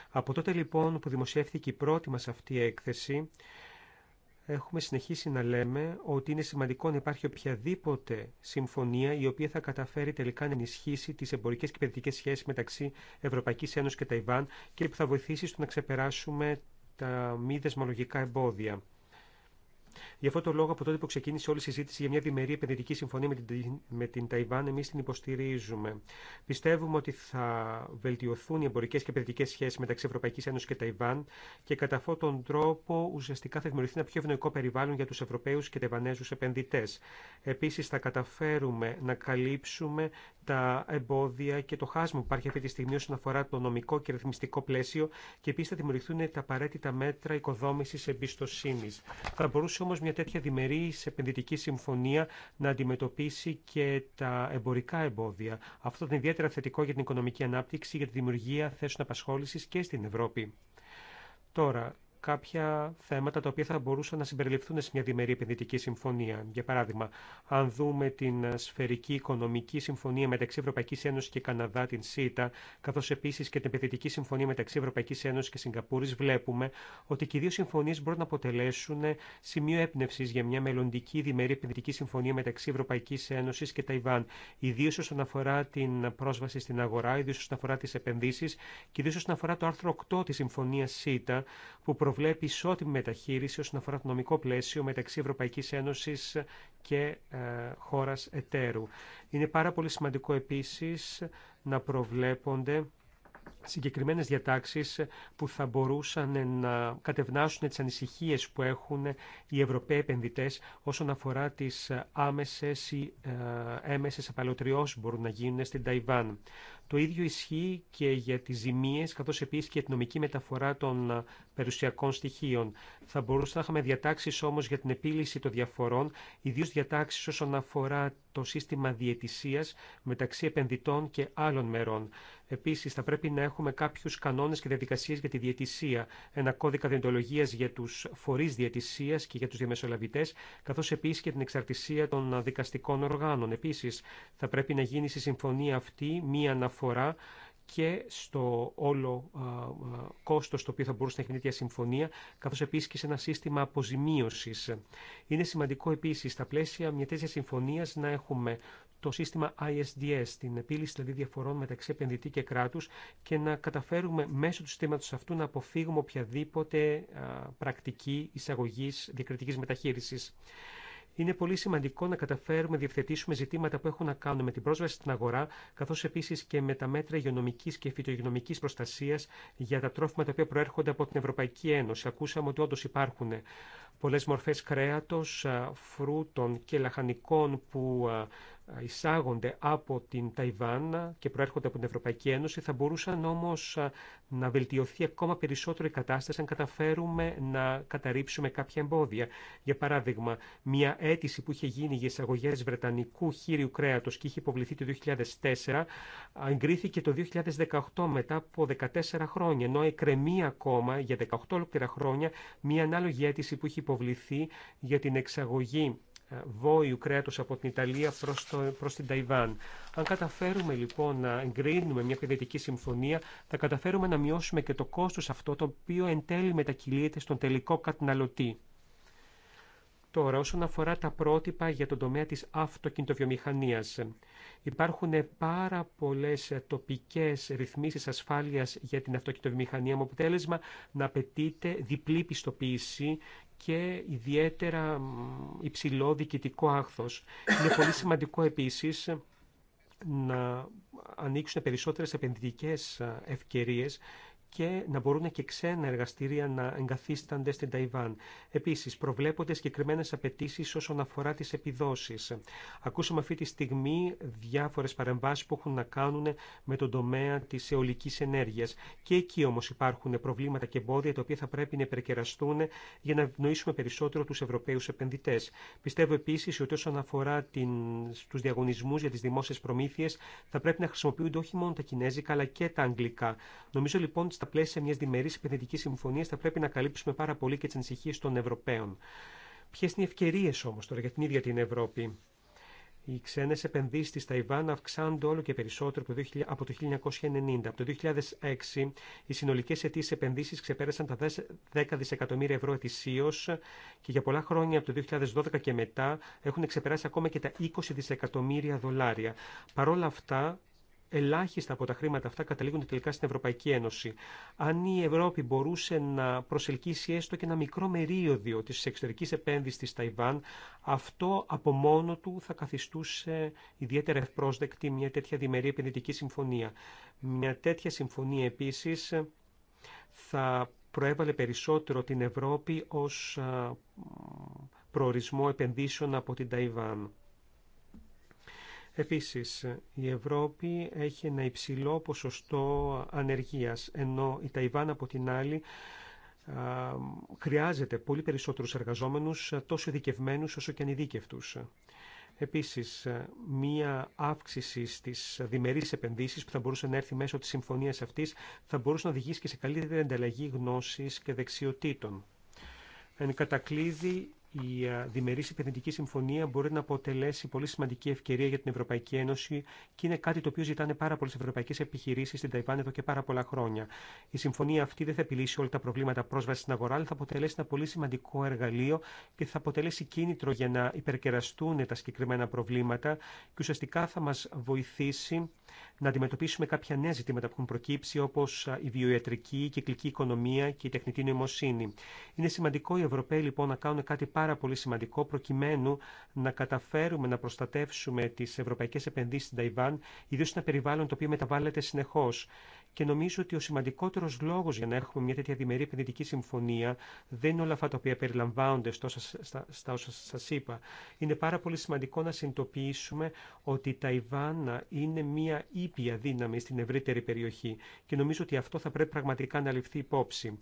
Από τότε λοιπόν που δημοσιεύθηκε η πρώτη μας αυτή έκθεση, έχουμε συνεχίσει να λέμε ότι είναι σημαντικό να υπάρχει οποιαδήποτε συμφωνία η οποία θα καταφέρει τελικά να ενισχύσει τι εμπορικέ και παιδικέ σχέσει μεταξύ Ευρωπαϊκή Ένωση και Ταϊβάν και που θα βοηθήσει στο να ξεπεράσουμε τα μη δεσμολογικά εμπόδια. Γι' αυτό το λόγο από τότε που ξεκίνησε όλη η συζήτηση για μια διμερή επενδυτική συμφωνία με την Ταϊβάν, εμεί την υποστηρίζουμε. Πιστεύουμε ότι θα βελτιωθούν οι εμπορικέ και επενδυτικέ σχέσει μεταξύ Ευρωπαϊκή Ένωση και Ταϊβάν και κατά αυτόν τον τρόπο ουσιαστικά θα δημιουργηθεί ένα πιο ευνοϊκό περιβάλλον για του Ευρωπαίου και Ταϊβανέζου επενδυτέ. Επίση, θα καταφέρουμε να καλύψουμε τα εμπόδια και το χάσμα που υπάρχει αυτή τη στιγμή όσον αφορά το νομικό και ρυθμιστικό πλαίσιο και επίση θα δημιουργηθούν τα απαραίτητα μέτρα οικοδόμηση εμπιστοσύνη. Θα μπορούσε όμω μια τέτοια διμερή επενδυτική συμφωνία να αντιμετωπίσει και τα εμπορικά εμπόδια. Αυτό είναι ιδιαίτερα θετικό για την οικονομική ανάπτυξη, για τη δημιουργία θέσεων απασχόλησης και στην Ευρώπη. Τώρα, κάποια θέματα τα οποία θα μπορούσαν να συμπεριληφθούν σε μια διμερή επενδυτική συμφωνία. Για παράδειγμα, αν δούμε την σφαιρική οικονομική συμφωνία μεταξύ Ευρωπαϊκή Ένωση και Καναδά, την ΣΥΤΑ, καθώ επίση και την επενδυτική συμφωνία μεταξύ Ευρωπαϊκή Ένωση και Σιγκαπούρη, βλέπουμε ότι και οι δύο συμφωνίε μπορούν να αποτελέσουν σημείο έμπνευση για μια μελλοντική διμερή επενδυτική συμφωνία μεταξύ Ευρωπαϊκή Ένωση και Ταϊβάν. Ιδίω όσον αφορά την πρόσβαση στην αγορά, ιδίω όσον αφορά τι επενδύσει και ιδίω όσον αφορά το άρθρο 8 τη συμφωνία ΣΥΤΑ, που προβλέπει ισότιμη μεταχείριση όσον αφορά το νομικό πλαίσιο μεταξύ Ευρωπαϊκής Ένωσης και ε, χώρας εταίρου. Είναι πάρα πολύ σημαντικό επίσης να προβλέπονται συγκεκριμένες διατάξεις που θα μπορούσαν να κατευνάσουν τις ανησυχίες που έχουν οι Ευρωπαίοι επενδυτές όσον αφορά τις άμεσες ή ε, έμεσες απαλωτριώσεις που μπορούν να γίνουν στην Ταϊβάν. Το ίδιο ισχύει και για τις ζημίες, καθώς επίσης και την νομική μεταφορά των ε, περιουσιακών στοιχείων. Θα μπορούσαμε να είχαμε διατάξεις όμως για την επίλυση των διαφορών, ιδίως διατάξεις όσον αφορά το σύστημα διαιτησίας μεταξύ επενδυτών και άλλων μερών. Επίση, θα πρέπει να έχουμε κάποιου κανόνε και διαδικασίε για τη διαιτησία, ένα κώδικα διοντολογία για του φορεί διαιτησία και για του διαμεσολαβητέ, καθώ επίση και την εξαρτησία των δικαστικών οργάνων. Επίση, θα πρέπει να γίνει στη συμφωνία αυτή μία αναφορά και στο όλο κόστο κόστος το οποίο θα μπορούσε να έχει μια τέτοια συμφωνία, καθώ επίσης και σε ένα σύστημα αποζημίωση. Είναι σημαντικό επίση στα πλαίσια μια τέτοια συμφωνία να έχουμε το σύστημα ISDS, την επίλυση δηλαδή διαφορών μεταξύ επενδυτή και κράτους και να καταφέρουμε μέσω του συστήματος αυτού να αποφύγουμε οποιαδήποτε πρακτική εισαγωγής διακριτικής μεταχείρισης. Είναι πολύ σημαντικό να καταφέρουμε να διευθετήσουμε ζητήματα που έχουν να κάνουν με την πρόσβαση στην αγορά, καθώ επίση και με τα μέτρα υγειονομική και φυτογειονομική προστασία για τα τρόφιμα τα οποία προέρχονται από την Ευρωπαϊκή Ένωση. Ακούσαμε ότι όντω υπάρχουν πολλέ μορφέ κρέατο, φρούτων και λαχανικών που εισάγονται από την Ταϊβάν και προέρχονται από την Ευρωπαϊκή Ένωση. Θα μπορούσαν όμως να βελτιωθεί ακόμα περισσότερο η κατάσταση αν καταφέρουμε να καταρρύψουμε κάποια εμπόδια. Για παράδειγμα, μια αίτηση που είχε γίνει για εισαγωγέ Βρετανικού χείριου κρέατος και είχε υποβληθεί το 2004, εγκρίθηκε το 2018 μετά από 14 χρόνια, ενώ εκκρεμεί ακόμα για 18 ολοκληρά χρόνια μια ανάλογη αίτηση που είχε υποβληθεί για την εξαγωγή ε, βόηου κρέατος από την Ιταλία προς, την Ταϊβάν. Αν καταφέρουμε λοιπόν να εγκρίνουμε μια παιδευτική συμφωνία, θα καταφέρουμε να μειώσουμε και το κόστος αυτό το οποίο εν τέλει μετακυλείται στον τελικό καταναλωτή. Τώρα, όσον αφορά τα πρότυπα για τον τομέα της αυτοκινητοβιομηχανίας, υπάρχουν πάρα πολλές τοπικές ρυθμίσεις ασφάλειας για την αυτοκινητοβιομηχανία με αποτέλεσμα να απαιτείται διπλή πιστοποίηση και ιδιαίτερα υψηλό διοικητικό άχθος. Είναι πολύ σημαντικό επίσης να ανοίξουν περισσότερες επενδυτικές ε, ευκαιρίες και να μπορούν και ξένα εργαστήρια να εγκαθίστανται στην Ταϊβάν. Επίση, προβλέπονται συγκεκριμένε απαιτήσει όσον αφορά τι επιδόσεις. Ακούσαμε αυτή τη στιγμή διάφορε παρεμβάσει που έχουν να κάνουν με τον τομέα τη αιωλική ενέργεια. Και εκεί όμω υπάρχουν προβλήματα και εμπόδια τα οποία θα πρέπει να υπερκεραστούν για να ευνοήσουμε περισσότερο του Ευρωπαίου επενδυτέ. Πιστεύω επίση ότι όσον αφορά την, τους διαγωνισμούς για τι δημόσιε προμήθειε θα πρέπει να χρησιμοποιούνται όχι μόνο τα κινέζικα αλλά και τα αγγλικά. Νομίζω λοιπόν στα πλαίσια μια διμερή επενδυτική συμφωνία θα πρέπει να καλύψουμε πάρα πολύ και τι ανησυχίε των Ευρωπαίων. Ποιε είναι οι ευκαιρίε όμω τώρα για την ίδια την Ευρώπη. Οι ξένε επενδύσει τη Ταϊβάν αυξάνονται όλο και περισσότερο από το 1990. Από το 2006 οι συνολικέ αιτήσει επενδύσει ξεπέρασαν τα 10 δισεκατομμύρια ευρώ ετησίω και για πολλά χρόνια από το 2012 και μετά έχουν ξεπεράσει ακόμα και τα 20 δισεκατομμύρια δολάρια. Παρ' αυτά, ελάχιστα από τα χρήματα αυτά καταλήγουν τελικά στην Ευρωπαϊκή Ένωση. Αν η Ευρώπη μπορούσε να προσελκύσει έστω και ένα μικρό μερίδιο τη εξωτερική επένδυση τη Ταϊβάν, αυτό από μόνο του θα καθιστούσε ιδιαίτερα ευπρόσδεκτη μια τέτοια διμερή επενδυτική συμφωνία. Μια τέτοια συμφωνία επίση θα προέβαλε περισσότερο την Ευρώπη ως προορισμό επενδύσεων από την Ταϊβάν. Επίσης, η Ευρώπη έχει ένα υψηλό ποσοστό ανεργίας, ενώ η Ταϊβάν από την άλλη χρειάζεται πολύ περισσότερους εργαζόμενους, τόσο ειδικευμένους όσο και ανειδίκευτους. Επίσης, μία αύξηση στις διμερείς επενδύσεις που θα μπορούσε να έρθει μέσω της συμφωνίας αυτής θα μπορούσε να οδηγήσει και σε καλύτερη ανταλλαγή γνώσης και δεξιοτήτων. Εν κατακλείδη, η διμερή επενδυτική συμφωνία μπορεί να αποτελέσει πολύ σημαντική ευκαιρία για την Ευρωπαϊκή Ένωση και είναι κάτι το οποίο ζητάνε πάρα πολλέ ευρωπαϊκέ επιχειρήσει στην Ταϊβάν εδώ και πάρα πολλά χρόνια. Η συμφωνία αυτή δεν θα επιλύσει όλα τα προβλήματα πρόσβαση στην αγορά, αλλά θα αποτελέσει ένα πολύ σημαντικό εργαλείο και θα αποτελέσει κίνητρο για να υπερκεραστούν τα συγκεκριμένα προβλήματα και ουσιαστικά θα μα βοηθήσει να αντιμετωπίσουμε κάποια νέα ζητήματα που έχουν προκύψει, όπω η βιοιατρική, η κυκλική οικονομία και η τεχνητή νοημοσύνη. Είναι σημαντικό οι Ευρωπαίοι λοιπόν να κάνουν κάτι πάρα πολύ σημαντικό προκειμένου να καταφέρουμε να προστατεύσουμε τι ευρωπαϊκέ επενδύσει στην Ταϊβάν, ιδίω σε ένα περιβάλλον το οποίο μεταβάλλεται συνεχώ. Και νομίζω ότι ο σημαντικότερο λόγο για να έχουμε μια τέτοια διμερή επενδυτική συμφωνία δεν είναι όλα αυτά τα οποία περιλαμβάνονται στα, στα, στα όσα σα είπα. Είναι πάρα πολύ σημαντικό να συνειδητοποιήσουμε ότι η Ταϊβάν είναι μια ήπια δύναμη στην ευρύτερη περιοχή και νομίζω ότι αυτό θα πρέπει πραγματικά να ληφθεί υπόψη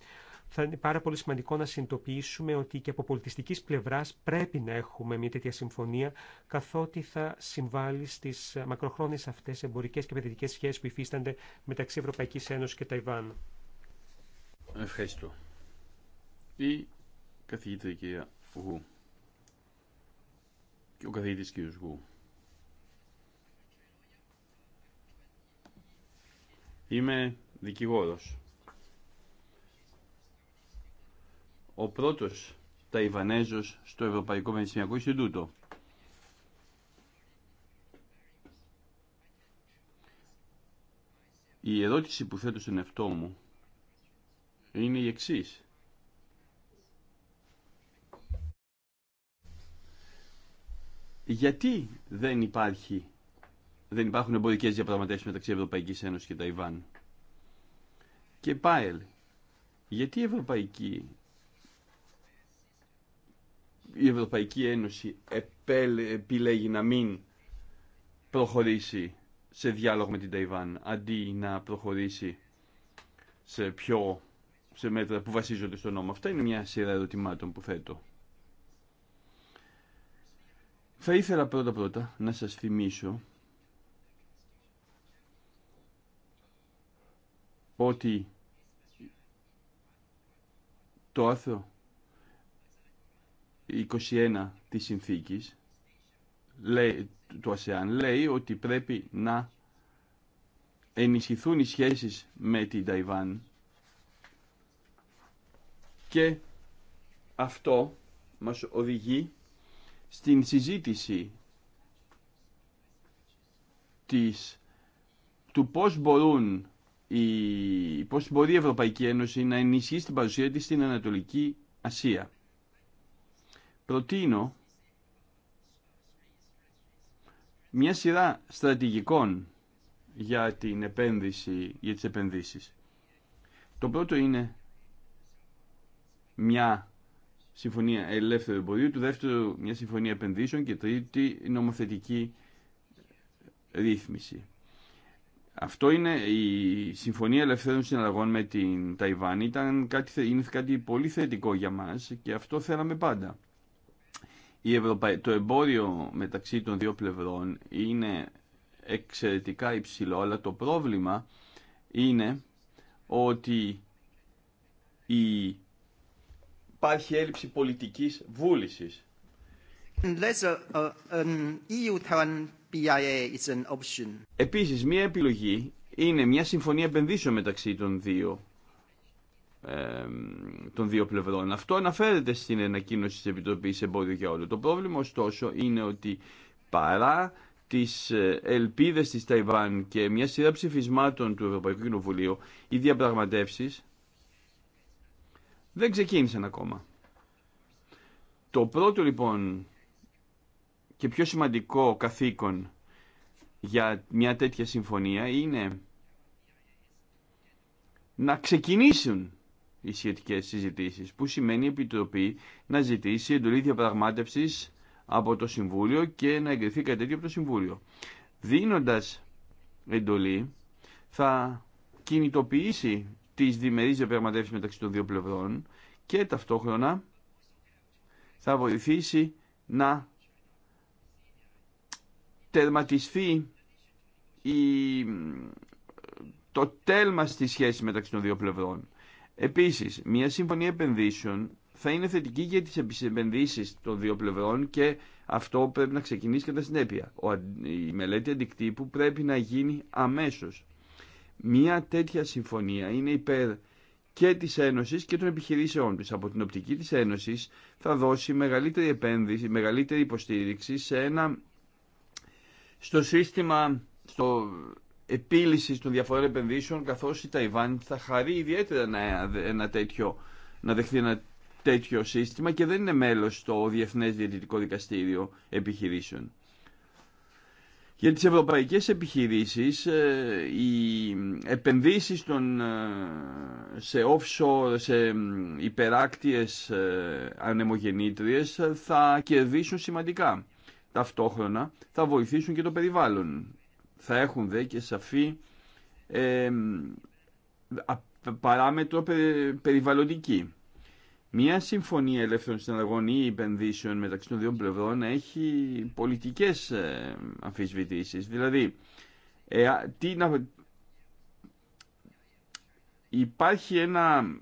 θα είναι πάρα πολύ σημαντικό να συνειδητοποιήσουμε ότι και από πολιτιστική πλευρά πρέπει να έχουμε μια τέτοια συμφωνία, καθότι θα συμβάλλει στι μακροχρόνιε αυτέ εμπορικέ και επενδυτικέ σχέσει που υφίστανται μεταξύ Ευρωπαϊκή Ένωση και Ταϊβάν. Ευχαριστώ. Η καθηγήτρια κυρία Γου και ο καθηγητή κύριο Γου. Είμαι δικηγόρος ο πρώτος Ταϊβανέζος στο Ευρωπαϊκό Πανεπιστημιακό Ινστιτούτο. Η ερώτηση που θέτω στον εαυτό μου είναι η εξής. Γιατί δεν υπάρχει δεν υπάρχουν εμπορικές διαπραγματεύσεις μεταξύ Ευρωπαϊκής Ένωσης και Ταϊβάν. Και πάλι, γιατί η Ευρωπαϊκή η Ευρωπαϊκή Ένωση επιλέγει να μην προχωρήσει σε διάλογο με την Ταϊβάν αντί να προχωρήσει σε πιο σε μέτρα που βασίζονται στο νόμο. Αυτά είναι μια σειρά ερωτημάτων που θέτω. Θα ήθελα πρώτα πρώτα να σας θυμίσω ότι το άθρο 21 της συνθήκης λέει, του ΑΣΕΑΝ λέει ότι πρέπει να ενισχυθούν οι σχέσεις με την Ταϊβάν και αυτό μας οδηγεί στην συζήτηση του πώς, μπορούν η, πώς μπορεί η Ευρωπαϊκή Ένωση να ενισχύσει την παρουσία της στην Ανατολική Ασία προτείνω μια σειρά στρατηγικών για την επένδυση, για τις επενδύσεις. Το πρώτο είναι μια συμφωνία ελεύθερου εμπορίου, το δεύτερο μια συμφωνία επενδύσεων και τρίτη νομοθετική ρύθμιση. Αυτό είναι η Συμφωνία Ελευθέρων Συναλλαγών με την Ταϊβάν. Ήταν κάτι, είναι κάτι πολύ θετικό για μας και αυτό θέλαμε πάντα. Το εμπόριο μεταξύ των δύο πλευρών είναι εξαιρετικά υψηλό, αλλά το πρόβλημα είναι ότι η... υπάρχει έλλειψη πολιτικής βούλησης. E Επίσης, μία επιλογή είναι μια συμφωνία επενδύσεων μεταξύ των δύο των δύο πλευρών. Αυτό αναφέρεται στην ανακοίνωση της Επιτροπής Εμπόδιο και Όλο. Το πρόβλημα ωστόσο είναι ότι παρά τις ε, ελπίδες της Ταϊβάν και μια σειρά ψηφισμάτων του Ευρωπαϊκού Κοινοβουλίου, οι διαπραγματεύσεις δεν ξεκίνησαν ακόμα. Το πρώτο λοιπόν και πιο σημαντικό καθήκον για μια τέτοια συμφωνία είναι να ξεκινήσουν οι σχετικέ συζητήσει, που σημαίνει η Επιτροπή να ζητήσει εντολή διαπραγματεύση από το Συμβούλιο και να εγκριθεί κάτι τέτοιο από το Συμβούλιο. Δίνοντας εντολή θα κινητοποιήσει τι διμερείς διαπραγματεύσει μεταξύ των δύο πλευρών και ταυτόχρονα θα βοηθήσει να τερματιστεί η... το τέλμα στη σχέση μεταξύ των δύο πλευρών. Επίσης, μια συμφωνία επενδύσεων θα είναι θετική για τις επενδύσεις των δύο πλευρών και αυτό πρέπει να ξεκινήσει κατά συνέπεια. η μελέτη αντικτύπου πρέπει να γίνει αμέσως. Μια τέτοια συμφωνία είναι υπέρ και της Ένωσης και των επιχειρήσεών της. Από την οπτική της Ένωσης θα δώσει μεγαλύτερη επένδυση, μεγαλύτερη υποστήριξη σε ένα, στο σύστημα, επίλυσης των διαφορών επενδύσεων καθώς η Ταϊβάν θα χαρεί ιδιαίτερα να, ένα τέτοιο, να δεχθεί ένα τέτοιο σύστημα και δεν είναι μέλος στο Διεθνές Διαιτητικό Δικαστήριο Επιχειρήσεων. Για τις ευρωπαϊκές επιχειρήσεις, ε, οι επενδύσεις ε, σε offshore, σε υπεράκτιες ε, ανεμογεννήτριες θα κερδίσουν σημαντικά. Ταυτόχρονα θα βοηθήσουν και το περιβάλλον θα έχουν δε και σαφή παράμετρο περιβαλλοντική. Μια συμφωνία ελεύθερων συναλλαγών ή επενδύσεων μεταξύ των δύο πλευρών έχει πολιτικές ε, αμφισβητήσεις. Δηλαδή, ε, υπάρχει ένα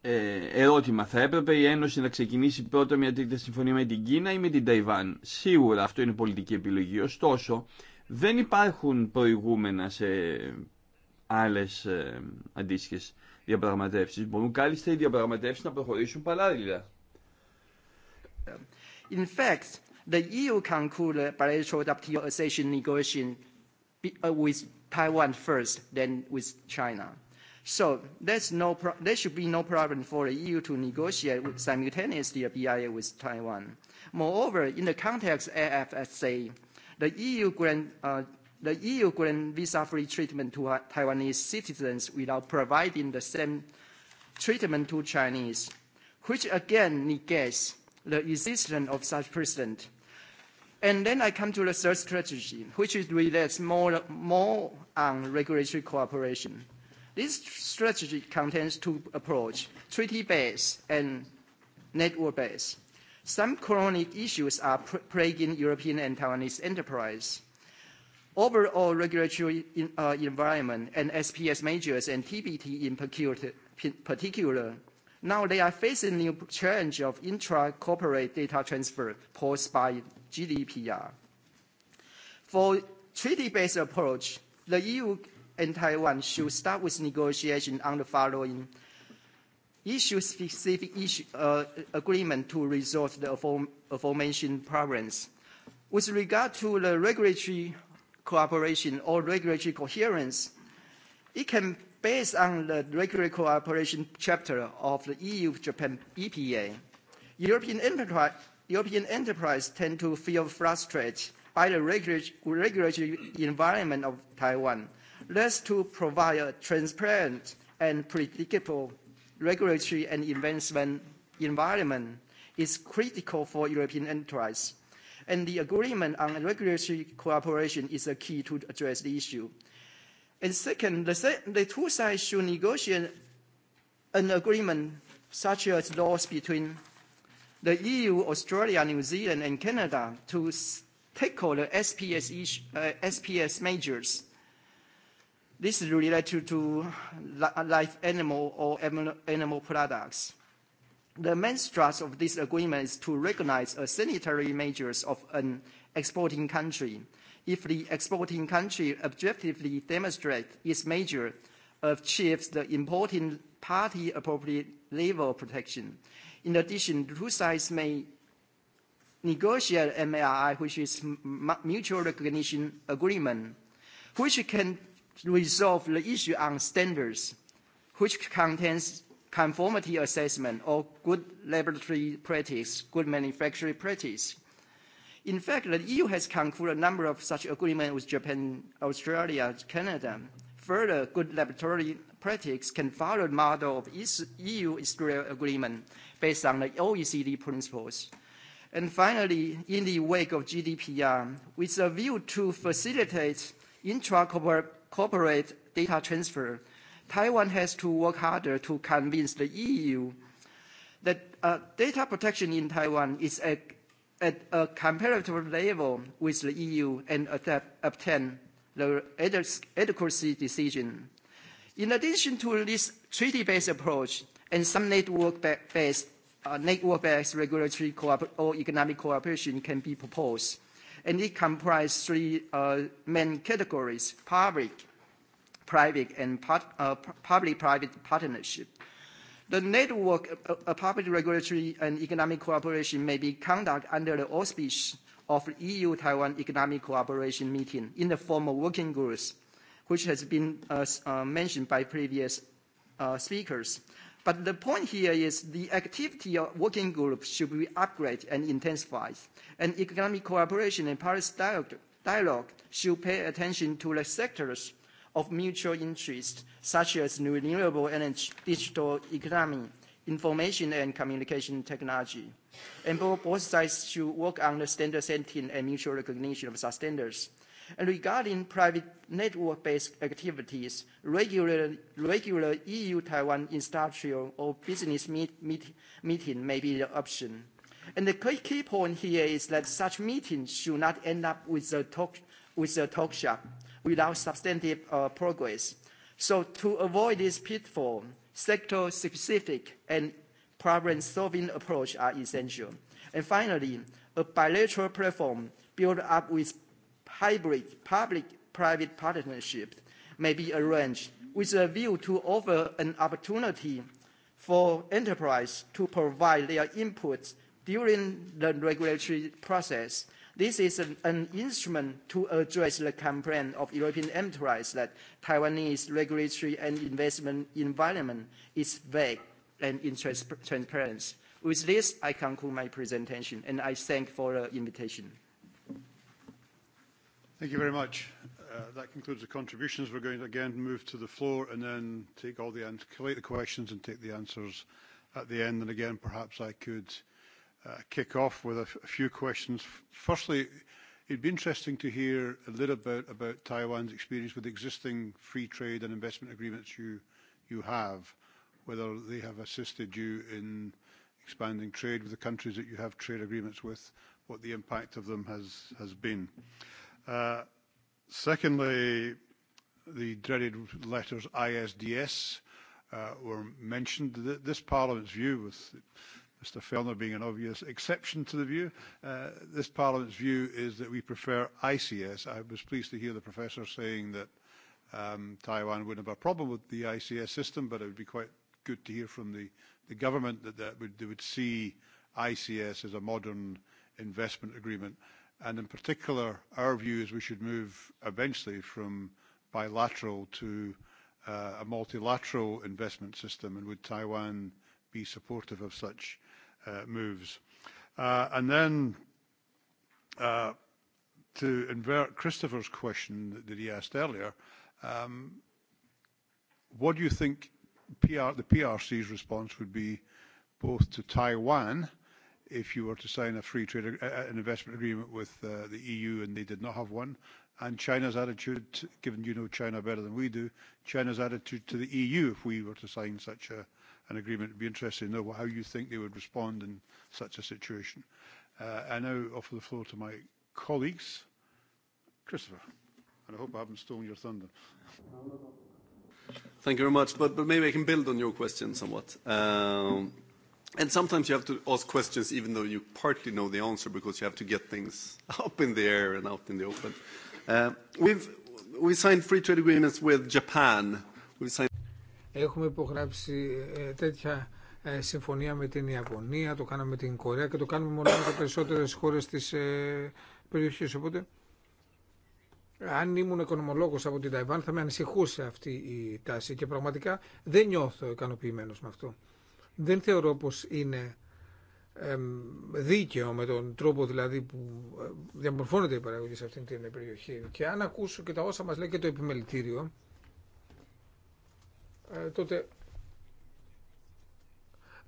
ε, ερώτημα. Θα έπρεπε η Ένωση να ξεκινήσει πρώτα μια τρίτη συμφωνία με την Κίνα ή με την Ταϊβάν. Σίγουρα αυτό είναι πολιτική επιλογή. Ωστόσο, δεν υπάρχουν προηγούμενα σε άλλες αντίστοιχες διαπραγματεύσεις. Μπορούν κάλλιστα οι διαπραγματεύσεις να προχωρήσουν παράλληλα. In fact, the EU concluded bilateral WTO accession negotiation with Taiwan first, then with China. So there's no pro there should be no problem for the EU to negotiate simultaneously a BIA with Taiwan. Moreover, in the context of AFSA, The EU grant the EU visa-free treatment to Taiwanese citizens without providing the same treatment to Chinese, which again negates the existence of such precedent. And then I come to the third strategy, which relates more, more on regulatory cooperation. This strategy contains two approaches, treaty-based and network-based. Some chronic issues are plaguing European and Taiwanese enterprise. Overall regulatory environment and SPS measures and TBT in particular, now they are facing new challenge of intra-corporate data transfer posed by GDPR. For treaty-based approach, the EU and Taiwan should start with negotiation on the following issue specific agreement to resolve the aforementioned problems. With regard to the regulatory cooperation or regulatory coherence, it can based on the regulatory cooperation chapter of the EU-Japan EPA. European enterprise tend to feel frustrated by the regulatory environment of Taiwan, less to provide a transparent and predictable regulatory and investment environment is critical for European enterprise, and the agreement on regulatory cooperation is a key to address the issue. And second, the two sides should negotiate an agreement such as laws between the EU, Australia, New Zealand, and Canada to tackle the SPS measures This is related to live animal or animal products. The main thrust of this agreement is to recognize a sanitary measures of an exporting country. If the exporting country objectively demonstrates its measure achieves the importing party appropriate level of protection. In addition, the two sides may negotiate MAI, which is mutual recognition agreement, which can resolve the issue on standards, which contains conformity assessment or good laboratory practice, good manufacturing practice. In fact, the EU has concluded a number of such agreements with Japan, Australia, Canada. Further, good laboratory practice can follow the model of EU-Israel agreement based on the OECD principles. And finally, in the wake of GDPR, with a view to facilitate intra-corporate corporate data transfer, Taiwan has to work harder to convince the EU that data protection in Taiwan is at a comparative level with the EU and obtain the adequacy decision. In addition to this treaty-based approach and some network-based network regulatory or economic cooperation can be proposed and it comprises three main categories: public, private, and public-private partnership. The network of public regulatory and economic cooperation may be conducted under the auspices of the EU-Taiwan Economic Cooperation Meeting in the form of working groups, which has been mentioned by previous speakers. But the point here is the activity of working groups should be upgraded and intensified, and economic cooperation and Paris dialogue should pay attention to the sectors of mutual interest, such as renewable energy, digital economy, information and communication technology. And both sides should work on the standard setting and mutual recognition of such standards Regarding private network-based activities, regular EU-Taiwan industrial or business meeting may be the option. And the key point here is that such meetings should not end up with a talk shop without substantive progress. So to avoid this pitfall, sector-specific and problem-solving approach are essential. And finally, a bilateral platform built up with hybrid public-private partnerships may be arranged with a view to offer an opportunity for enterprise to provide their inputs during the regulatory process. This is an instrument to address the complaint of European enterprise that Taiwanese regulatory and investment environment is vague and intransparent. With this, I conclude my presentation, and I thank for the invitation. Thank you very much. That concludes the contributions. We're going to again move to the floor and then take all the collate the questions and take the answers at the end. And again, perhaps I could kick off with a few questions. Firstly, it'd be interesting to hear a little bit about Taiwan's experience with existing free trade and investment agreements you you have, whether they have assisted you in expanding trade with the countries that you have trade agreements with, what the impact of them has has been. Secondly, the dreaded letters ISDS were mentioned. This Parliament's view, with Mr Fellner being an obvious exception to the view, this Parliament's view is that we prefer ICS. I was pleased to hear the Professor saying that Taiwan wouldn't have a problem with the ICS system, but it would be quite good to hear from the the government that they would see ICS as a modern investment agreement And in particular, our view is we should move eventually from bilateral to a multilateral investment system, and would Taiwan be supportive of such moves? And then to invert Christopher's question that he asked earlier, what do you think the PRC's response would be both to Taiwan if you were to sign a free trade an investment agreement with the EU and they did not have one. And China's attitude, given you know China better than we do, China's attitude to the EU if we were to sign such an agreement. It would be interesting to know how you think they would respond in such a situation. I now offer the floor to my colleagues. Christopher, and I hope I haven't stolen your thunder. Thank you very much. But But maybe I can build on your question somewhat. Um And sometimes you have to ask questions even though you partly know the answer because you have to get things [laughs] up in the air and out in the open. Uh, we've we signed free trade agreements with Japan. We signed... Έχουμε υπογράψει ε, ε, τέτοια ε, συμφωνία με την Ιαπωνία, το κάναμε με την Κορέα και το κάνουμε μόνο με τα περισσότερες χώρες της περιοχή. Οπότε, αν ήμουν οικονομολόγο από την Ταϊβάν θα με ανησυχούσε αυτή η τάση και πραγματικά δεν νιώθω ικανοποιημένο με αυτό δεν θεωρώ πως είναι δίκαιο με τον τρόπο δηλαδή που ε, διαμορφώνεται η παραγωγή σε αυτήν την περιοχή. Και αν ακούσω και τα όσα μας λέει και το επιμελητήριο, ε, τότε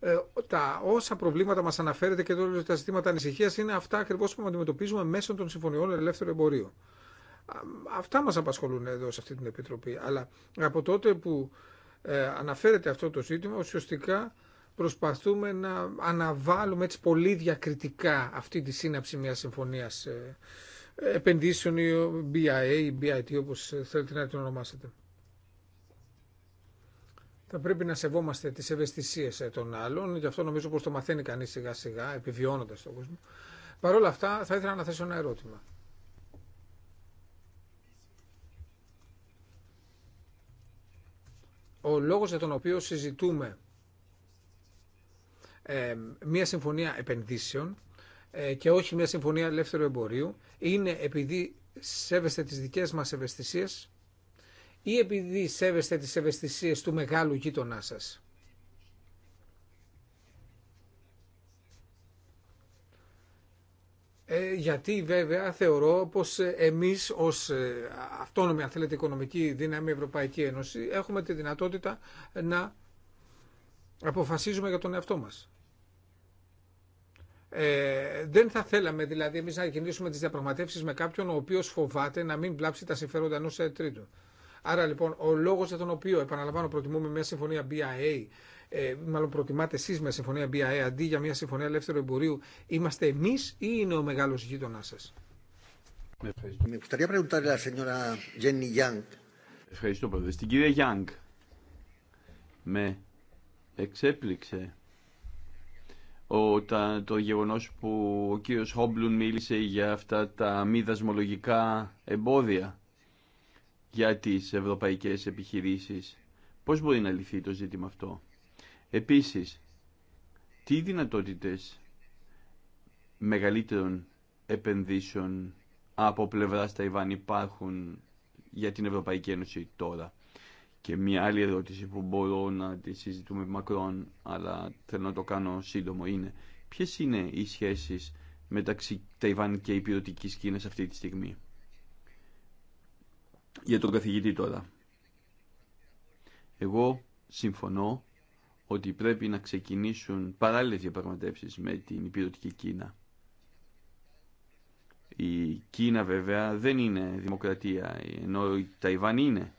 ε, τα όσα προβλήματα μας αναφέρεται και τώρα τα ζητήματα ανησυχία είναι αυτά ακριβώς που αντιμετωπίζουμε μέσω των συμφωνιών ελεύθερου εμπορίου. Αυτά μας απασχολούν εδώ σε αυτή την Επιτροπή. Αλλά από τότε που αναφέρεται αυτό το ζήτημα, ουσιαστικά προσπαθούμε να αναβάλουμε έτσι πολύ διακριτικά αυτή τη σύναψη μιας συμφωνίας ε, επενδύσεων ή BIA ή BIT όπως ε, θέλετε να την ονομάσετε. Θα πρέπει να σεβόμαστε τις ευαισθησίες ε, των άλλων, γι' αυτό νομίζω πως το μαθαίνει κανείς σιγά σιγά, επιβιώνοντας τον κόσμο. Παρ' όλα αυτά θα ήθελα να θέσω ένα ερώτημα. Ο λόγος για τον οποίο συζητούμε ε, μια συμφωνία επενδύσεων ε, και όχι μια συμφωνία ελεύθερου εμπορίου είναι επειδή σέβεστε τις δικές μας ευαισθησίες ή επειδή σέβεστε τις ευαισθησίες του μεγάλου γείτονά σας. Ε, γιατί βέβαια θεωρώ πως εμείς ως αυτόνομη αν θέλετε οικονομική δύναμη Ευρωπαϊκή Ένωση έχουμε τη δυνατότητα να αποφασίζουμε για τον εαυτό μας. Ε, δεν θα θέλαμε δηλαδή εμεί να κινήσουμε τι διαπραγματεύσει με κάποιον ο οποίο φοβάται να μην βλάψει τα συμφέροντα ενό ε, τρίτου. Άρα λοιπόν ο λόγο για τον οποίο, επαναλαμβάνω, προτιμούμε μια συμφωνία BIA, ε, μάλλον προτιμάτε εσεί μια συμφωνία BIA αντί για μια συμφωνία ελεύθερου εμπορίου, είμαστε εμεί ή είναι ο μεγάλο γείτονά σα. Ευχαριστώ πολύ. Στην κυρία Γιάνγκ, με εξέπληξε τα, το γεγονός που ο κύριος Χόμπλουν μίλησε για αυτά τα μη δασμολογικά εμπόδια για τις ευρωπαϊκές επιχειρήσεις. Πώς μπορεί να λυθεί το ζήτημα αυτό. Επίσης, τι δυνατότητες μεγαλύτερων επενδύσεων από πλευράς Ταϊβάν υπάρχουν για την Ευρωπαϊκή Ένωση τώρα και μια άλλη ερώτηση που μπορώ να τη συζητούμε μακρόν, αλλά θέλω να το κάνω σύντομο, είναι ποιε είναι οι σχέσει μεταξύ Ταϊβάν και υπηρετικής Κίνα αυτή τη στιγμή. Για τον καθηγητή τώρα. Εγώ συμφωνώ ότι πρέπει να ξεκινήσουν παράλληλες διαπραγματεύσεις με την υπηρετική Κίνα. Η Κίνα βέβαια δεν είναι δημοκρατία, ενώ η Ταϊβάν είναι.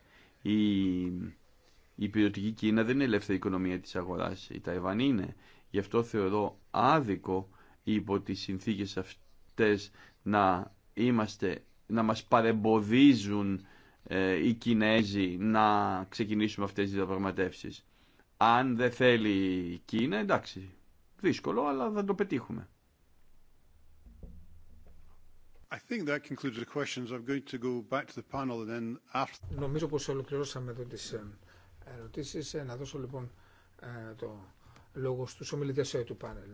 Η ποιοτική Κίνα δεν είναι ελεύθερη οικονομία της αγοράς. Η Ταϊβάν είναι. Γι' αυτό θεωρώ άδικο υπό τις συνθήκες αυτές να, είμαστε, να μας παρεμποδίζουν ε, οι Κινέζοι να ξεκινήσουμε αυτές τις διαπραγματεύσεις. Αν δεν θέλει η Κίνα, εντάξει, δύσκολο, αλλά θα το πετύχουμε. I think that concludes the questions. I'm going to go back to the panel and then after. Νομίζω πως ολοκληρώσαμε εδώ τις ε, ερωτήσεις. Ε, να δώσω λοιπόν ε, το λόγο στους ομιλητές του πάνελ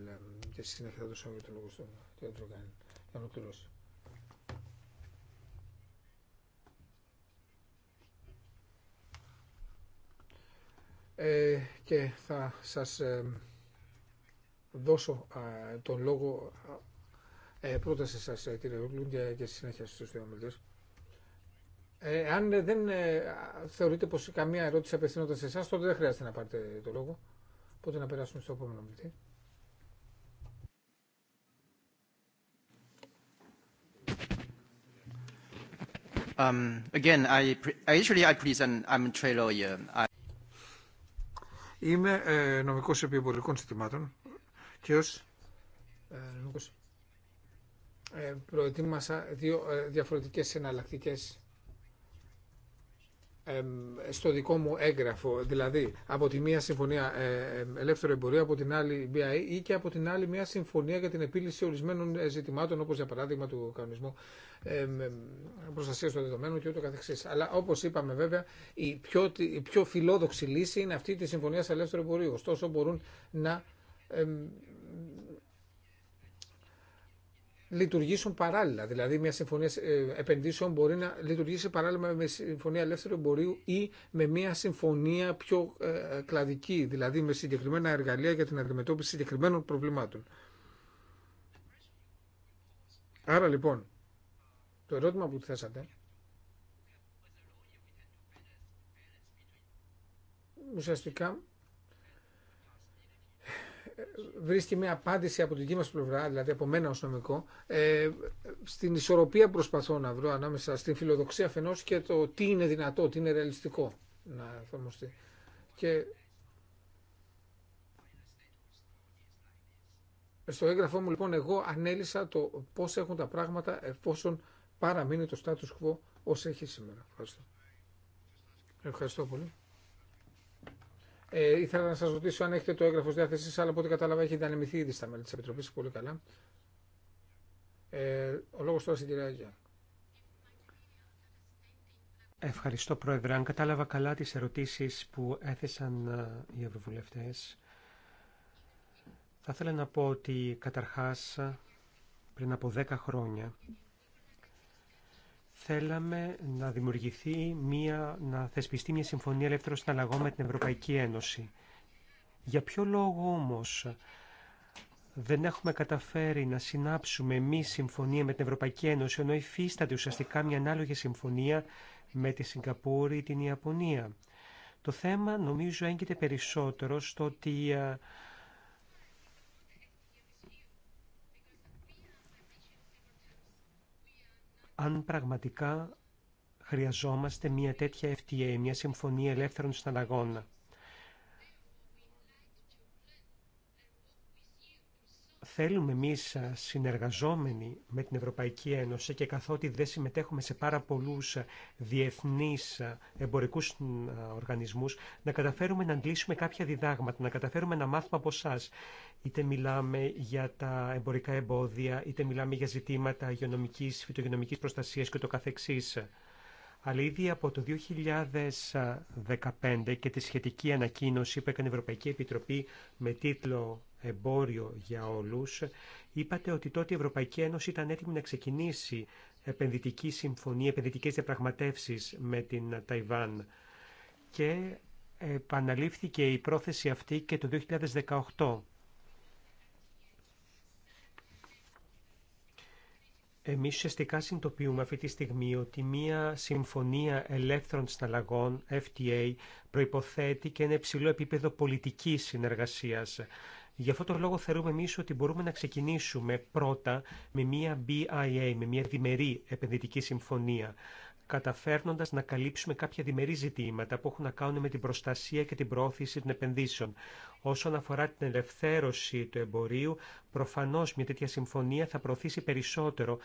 και στη συνέχεια θα δώσω το λόγο στον κ. Τζογκάνη για να ολοκληρώσει. Ε, και θα σας δώσω τον λόγο ε, Πρώτα σε σας ε, κύριε Ρούγκλου και, και στη συνέχεια στους δύο ε, αν δεν ε, θεωρείτε πως καμία ερώτηση απευθυνόταν σε εσάς, τότε δεν χρειάζεται να πάρετε το λόγο. Οπότε να περάσουμε στο επόμενο μιλτή. Um, again, I, I present, I'm a trade lawyer. Είμαι ε, νομικός επιβολικών συστημάτων και ως νομικός ε, προετοίμασα δύο ε, διαφορετικές εναλλακτικέ στο δικό μου έγγραφο, δηλαδή από τη μία συμφωνία ε, ελεύθερου εμπορίου, από την άλλη BIE ή και από την άλλη μια συμφωνια ελεύθερο εμποριου απο την αλλη bie η και απο την αλλη μια συμφωνια για την επίλυση ορισμένων ζητημάτων, όπως για παράδειγμα του κανονισμού προστασία των δεδομένων και ούτω καθεξής. Αλλά όπως είπαμε βέβαια, η πιο, η πιο φιλόδοξη λύση είναι αυτή τη συμφωνία ελεύθερο εμπορίου. Ωστόσο μπορούν να λειτουργήσουν παράλληλα. Δηλαδή, μια συμφωνία ε, επενδύσεων μπορεί να λειτουργήσει παράλληλα με συμφωνία ελεύθερου εμπορίου ή με μια συμφωνία πιο ε, κλαδική, δηλαδή με συγκεκριμένα εργαλεία για την αντιμετώπιση συγκεκριμένων προβλημάτων. Άρα λοιπόν, το ερώτημα που θέσατε ουσιαστικά βρίσκει μια απάντηση από την δική μα πλευρά, δηλαδή από μένα ω νομικό, ε, στην ισορροπία που προσπαθώ να βρω ανάμεσα στην φιλοδοξία αφενό και το τι είναι δυνατό, τι είναι ρεαλιστικό να εφαρμοστεί. Και στο έγγραφό μου λοιπόν εγώ ανέλησα το πώς έχουν τα πράγματα εφόσον παραμείνει το status quo ως έχει σήμερα. Ευχαριστώ. Ευχαριστώ πολύ. Ε, ήθελα να σα ρωτήσω αν έχετε το έγγραφο διάθεση, αλλά από ό,τι κατάλαβα έχει δανειμηθεί ήδη στα μέλη τη Επιτροπή. Πολύ καλά. Ε, ο λόγο τώρα στην κυρία Αγία. Ευχαριστώ, Πρόεδρε. Αν κατάλαβα καλά τις ερωτήσεις που έθεσαν ε, οι ευρωβουλευτές, θα ήθελα να πω ότι καταρχάς πριν από 10 χρόνια θέλαμε να δημιουργηθεί μια, να θεσπιστεί μια συμφωνία ελεύθερων συναλλαγών με την Ευρωπαϊκή Ένωση. Για ποιο λόγο όμως δεν έχουμε καταφέρει να συνάψουμε εμεί συμφωνία με την Ευρωπαϊκή Ένωση, ενώ υφίσταται ουσιαστικά μια ανάλογη συμφωνία με τη Σιγκαπούρη ή την Ιαπωνία. Το θέμα νομίζω έγκυται περισσότερο στο ότι αν πραγματικά χρειαζόμαστε μια τέτοια FTA, μια συμφωνία ελεύθερων συναλλαγών. θέλουμε εμεί συνεργαζόμενοι με την Ευρωπαϊκή Ένωση και καθότι δεν συμμετέχουμε σε πάρα πολλού διεθνεί εμπορικού οργανισμού, να καταφέρουμε να αντλήσουμε κάποια διδάγματα, να καταφέρουμε να μάθουμε από εσά. Είτε μιλάμε για τα εμπορικά εμπόδια, είτε μιλάμε για ζητήματα υγειονομική, φυτογενομική προστασία καθεξής. Αλλά ήδη από το 2015 και τη σχετική ανακοίνωση που έκανε η Ευρωπαϊκή Επιτροπή με τίτλο εμπόριο για όλους, είπατε ότι τότε η Ευρωπαϊκή Ένωση ήταν έτοιμη να ξεκινήσει επενδυτική συμφωνία, επενδυτικές διαπραγματεύσεις με την Ταϊβάν και επαναλήφθηκε η πρόθεση αυτή και το 2018. Εμείς ουσιαστικά συνειδητοποιούμε αυτή τη στιγμή ότι μία συμφωνία ελεύθερων συναλλαγών, FTA, προϋποθέτει και ένα υψηλό επίπεδο πολιτικής συνεργασίας. Γι' αυτό τον λόγο θεωρούμε εμεί ότι μπορούμε να ξεκινήσουμε πρώτα με μια BIA, με μια διμερή επενδυτική συμφωνία, καταφέρνοντας να καλύψουμε κάποια διμερή ζητήματα που έχουν να κάνουν με την προστασία και την προώθηση των επενδύσεων. Όσον αφορά την ελευθέρωση του εμπορίου, προφανώς μια τέτοια συμφωνία θα προωθήσει περισσότερο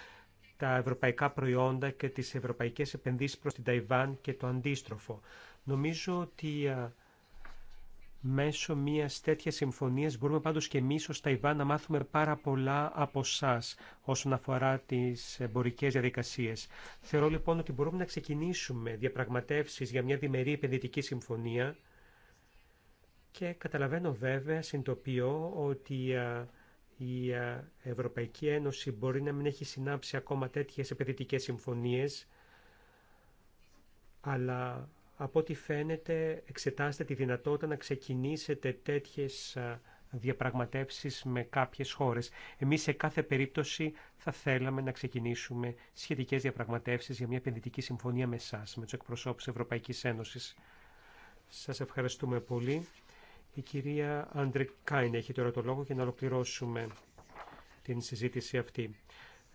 τα ευρωπαϊκά προϊόντα και τις ευρωπαϊκές επενδύσεις προς την Ταϊβάν και το αντίστροφο. Νομίζω ότι Μέσω μια τέτοια συμφωνία μπορούμε πάντω και εμεί ω Ταϊβάν να μάθουμε πάρα πολλά από εσά όσον αφορά τι εμπορικέ διαδικασίε. Θεωρώ λοιπόν ότι μπορούμε να ξεκινήσουμε διαπραγματεύσει για μια διμερή επενδυτική συμφωνία και καταλαβαίνω βέβαια, συνειδητοποιώ ότι η Ευρωπαϊκή Ένωση μπορεί να μην έχει συνάψει ακόμα τέτοιες επενδυτικές συμφωνίες, αλλά από ό,τι φαίνεται εξετάστε τη δυνατότητα να ξεκινήσετε τέτοιες διαπραγματεύσεις με κάποιες χώρες. Εμείς σε κάθε περίπτωση θα θέλαμε να ξεκινήσουμε σχετικές διαπραγματεύσεις για μια επενδυτική συμφωνία με εσά, με τους εκπροσώπους Ευρωπαϊκής Ένωσης. Σας ευχαριστούμε πολύ. Η κυρία Άντρε Κάιν έχει τώρα το λόγο για να ολοκληρώσουμε την συζήτηση αυτή.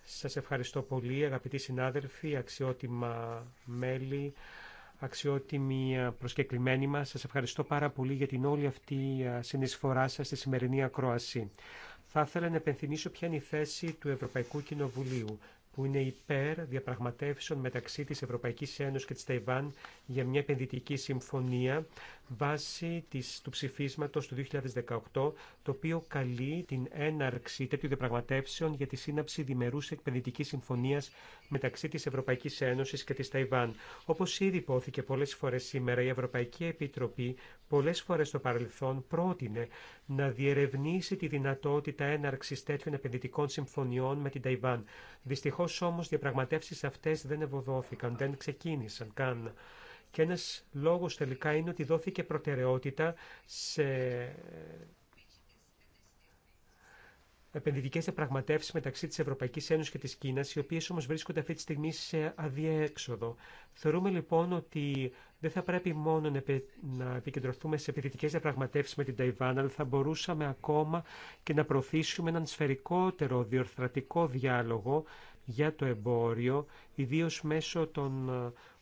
Σας ευχαριστώ πολύ αγαπητοί συνάδελφοι, αξιότιμα μέλη αξιότιμη ε, προσκεκλημένη μας. Σας ευχαριστώ πάρα πολύ για την όλη αυτή ε, συνεισφορά σας στη σημερινή ακρόαση. Θα ήθελα να επενθυμίσω ποια είναι η θέση του Ευρωπαϊκού Κοινοβουλίου που είναι υπέρ διαπραγματεύσεων μεταξύ της Ευρωπαϊκής Ένωσης και της Ταϊβάν για μια επενδυτική συμφωνία βάσει της, του ψηφίσματος του 2018, το οποίο καλεί την έναρξη τέτοιου διαπραγματεύσεων για τη σύναψη διμερούς επενδυτικής συμφωνίας μεταξύ της Ευρωπαϊκής Ένωσης και της Ταϊβάν. Όπως ήδη υπόθηκε πολλές φορές σήμερα, η Ευρωπαϊκή Επιτροπή πολλές φορές στο παρελθόν πρότεινε να διερευνήσει τη δυνατότητα έναρξης τέτοιων επενδυτικών συμφωνιών με την Ταϊβάν. Δυστυχώς όμως διαπραγματεύσεις αυτές δεν ευωδόθηκαν, δεν ξεκίνησαν καν. Και ένας λόγος τελικά είναι ότι δόθηκε προτεραιότητα σε επενδυτικέ διαπραγματεύσει μεταξύ της Ευρωπαϊκής Ένωσης και της Κίνας οι οποίες όμως βρίσκονται αυτή τη στιγμή σε αδιέξοδο. Θεωρούμε λοιπόν ότι δεν θα πρέπει μόνο να επικεντρωθούμε σε επενδυτικέ διαπραγματεύσει με την Ταϊβάν, αλλά θα μπορούσαμε ακόμα και να προωθήσουμε έναν σφαιρικότερο διορθρατικό διάλογο για το εμπόριο, ιδίως μέσω των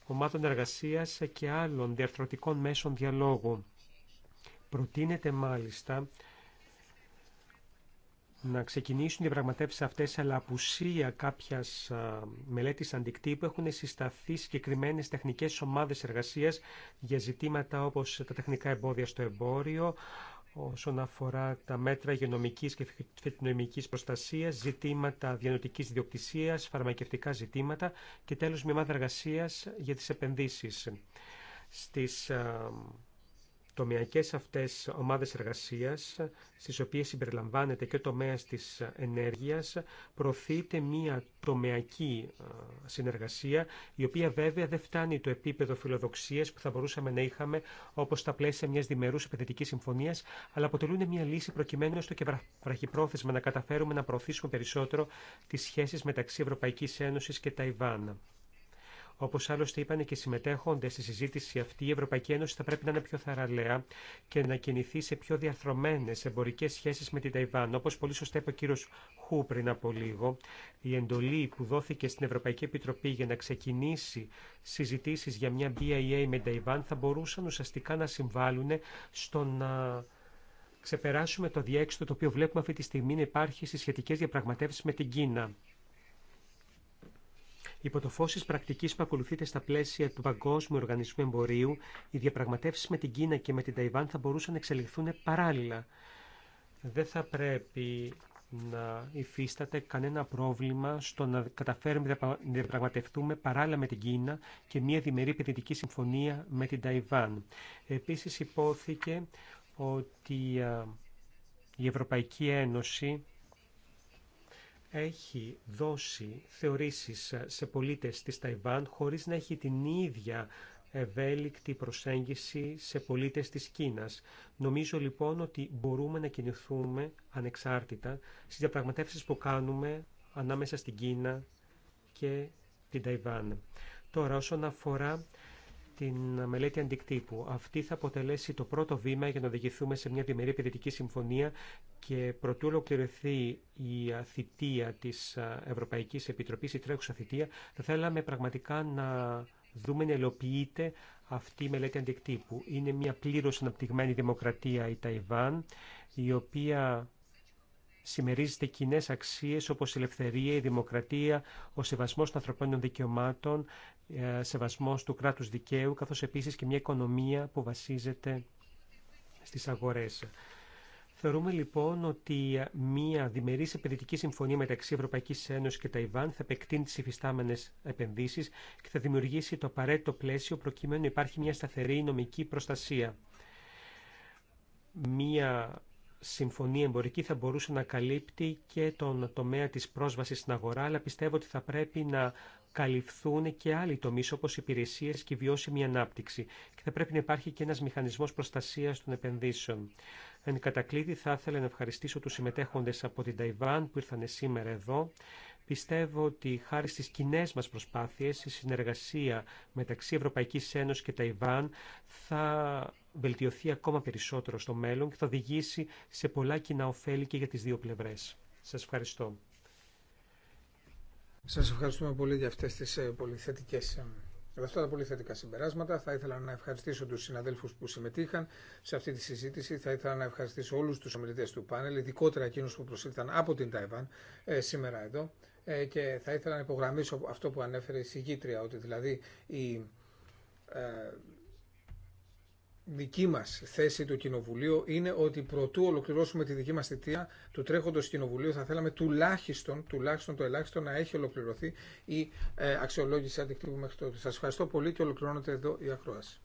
ομάδων εργασία και άλλων διαρθρωτικών μέσων διαλόγου. Προτείνεται μάλιστα να ξεκινήσουν οι πραγματεύσει αυτές, αλλά απουσία κάποιας μελέτη αντικτύπου έχουν συσταθεί συγκεκριμένε τεχνικέ ομάδε εργασία για ζητήματα όπως τα τεχνικά εμπόδια στο εμπόριο, όσον αφορά τα μέτρα υγειονομικής και φυτονομικής προστασίας, ζητήματα διανοτικής ιδιοκτησίας, φαρμακευτικά ζητήματα και τέλος μια μάδα εργασία για τις επενδύσεις. Στις ε, τομεακές αυτές ομάδες εργασίας, στις οποίες συμπεριλαμβάνεται και ο τομέας της ενέργειας, προωθείται μία τομεακή ε, συνεργασία, η οποία βέβαια δεν φτάνει το επίπεδο φιλοδοξίας που θα μπορούσαμε να είχαμε όπως στα πλαίσια μιας διμερούς επενδυτικής συμφωνίας, αλλά αποτελούν μία λύση προκειμένου στο και βραχυπρόθεσμα να καταφέρουμε να προωθήσουμε περισσότερο τις σχέσεις μεταξύ Ευρωπαϊκής Ένωσης και Ταϊβάν. Όπω άλλωστε είπαν και συμμετέχονται στη συζήτηση αυτή, η Ευρωπαϊκή Ένωση θα πρέπει να είναι πιο θαραλέα και να κινηθεί σε πιο διαθρωμένες εμπορικέ σχέσει με την Ταϊβάν. Όπω πολύ σωστά είπε ο κύριο Χου πριν από λίγο, η εντολή που δόθηκε στην Ευρωπαϊκή Επιτροπή για να ξεκινήσει συζητήσει για μια BIA με την Ταϊβάν θα μπορούσαν ουσιαστικά να συμβάλλουν στο να ξεπεράσουμε το διέξοδο το οποίο βλέπουμε αυτή τη στιγμή να υπάρχει στι σχετικέ διαπραγματεύσει με την Κίνα. Υπό το φω τη πρακτική που ακολουθείται στα πλαίσια του Παγκόσμιου Οργανισμού Εμπορίου, οι διαπραγματεύσει με την Κίνα και με την Ταϊβάν θα μπορούσαν να εξελιχθούν παράλληλα. Δεν θα πρέπει να υφίσταται κανένα πρόβλημα στο να καταφέρουμε να διαπραγματευτούμε παράλληλα με την Κίνα και μια διμερή παιδιτική συμφωνία με την Ταϊβάν. Επίσης υπόθηκε ότι η Ευρωπαϊκή Ένωση έχει δώσει θεωρήσεις σε πολίτες της Ταϊβάν χωρίς να έχει την ίδια ευέλικτη προσέγγιση σε πολίτες της Κίνας. Νομίζω λοιπόν ότι μπορούμε να κινηθούμε ανεξάρτητα στις διαπραγματεύσεις που κάνουμε ανάμεσα στην Κίνα και την Ταϊβάν. Τώρα όσον αφορά την μελέτη αντικτύπου. Αυτή θα αποτελέσει το πρώτο βήμα για να οδηγηθούμε σε μια διμερή επιδετική συμφωνία και προτού ολοκληρωθεί η θητεία της Ευρωπαϊκής Επιτροπής, η τρέχουσα θητεία, θα θέλαμε πραγματικά να δούμε να ελοποιείται αυτή η μελέτη αντικτύπου. Είναι μια πλήρως αναπτυγμένη δημοκρατία η Ταϊβάν, η οποία συμμερίζεται κοινέ αξίε όπω η ελευθερία, η δημοκρατία, ο σεβασμό των ανθρωπίνων δικαιωμάτων, ε, σεβασμό του κράτου δικαίου, καθώ επίση και μια οικονομία που βασίζεται στι αγορέ. Θεωρούμε λοιπόν ότι ε, μία διμερή επενδυτική συμφωνία μεταξύ Ευρωπαϊκή Ένωση και Ταϊβάν θα επεκτείνει τι υφιστάμενε επενδύσει και θα δημιουργήσει το απαραίτητο πλαίσιο προκειμένου να υπάρχει μια σταθερή νομική προστασία. Μία συμφωνία εμπορική θα μπορούσε να καλύπτει και τον τομέα της πρόσβασης στην αγορά, αλλά πιστεύω ότι θα πρέπει να καλυφθούν και άλλοι τομεί όπω υπηρεσίε και βιώσιμη ανάπτυξη. Και θα πρέπει να υπάρχει και ένα μηχανισμό προστασία των επενδύσεων. Εν κατακλείδη, θα ήθελα να ευχαριστήσω του συμμετέχοντε από την Ταϊβάν που ήρθαν σήμερα εδώ. Πιστεύω ότι χάρη στι κοινέ μα προσπάθειε η συνεργασία μεταξύ Ευρωπαϊκή Ένωση και Ταϊβάν θα βελτιωθεί ακόμα περισσότερο στο μέλλον και θα οδηγήσει σε πολλά κοινά ωφέλη και για τις δύο πλευρές. Σας ευχαριστώ. Σας ευχαριστούμε πολύ για αυτές τις ε, πολυθετικές με αυτά τα πολύ θετικά συμπεράσματα θα ήθελα να ευχαριστήσω τους συναδέλφους που συμμετείχαν σε αυτή τη συζήτηση. Θα ήθελα να ευχαριστήσω όλους τους ομιλητές του πάνελ, ειδικότερα εκείνους που προσήλθαν από την Ταϊβάν ε, σήμερα εδώ. Ε, και θα ήθελα να υπογραμμίσω αυτό που ανέφερε η συγκήτρια, ότι δηλαδή η, δική μας θέση του Κοινοβουλίου είναι ότι προτού ολοκληρώσουμε τη δική μας θητεία του τρέχοντο Κοινοβουλίου θα θέλαμε τουλάχιστον, τουλάχιστον το ελάχιστο να έχει ολοκληρωθεί η ε, αξιολόγηση αντικτύπου μέχρι τότε. Σας ευχαριστώ πολύ και ολοκληρώνεται εδώ η ακρόαση.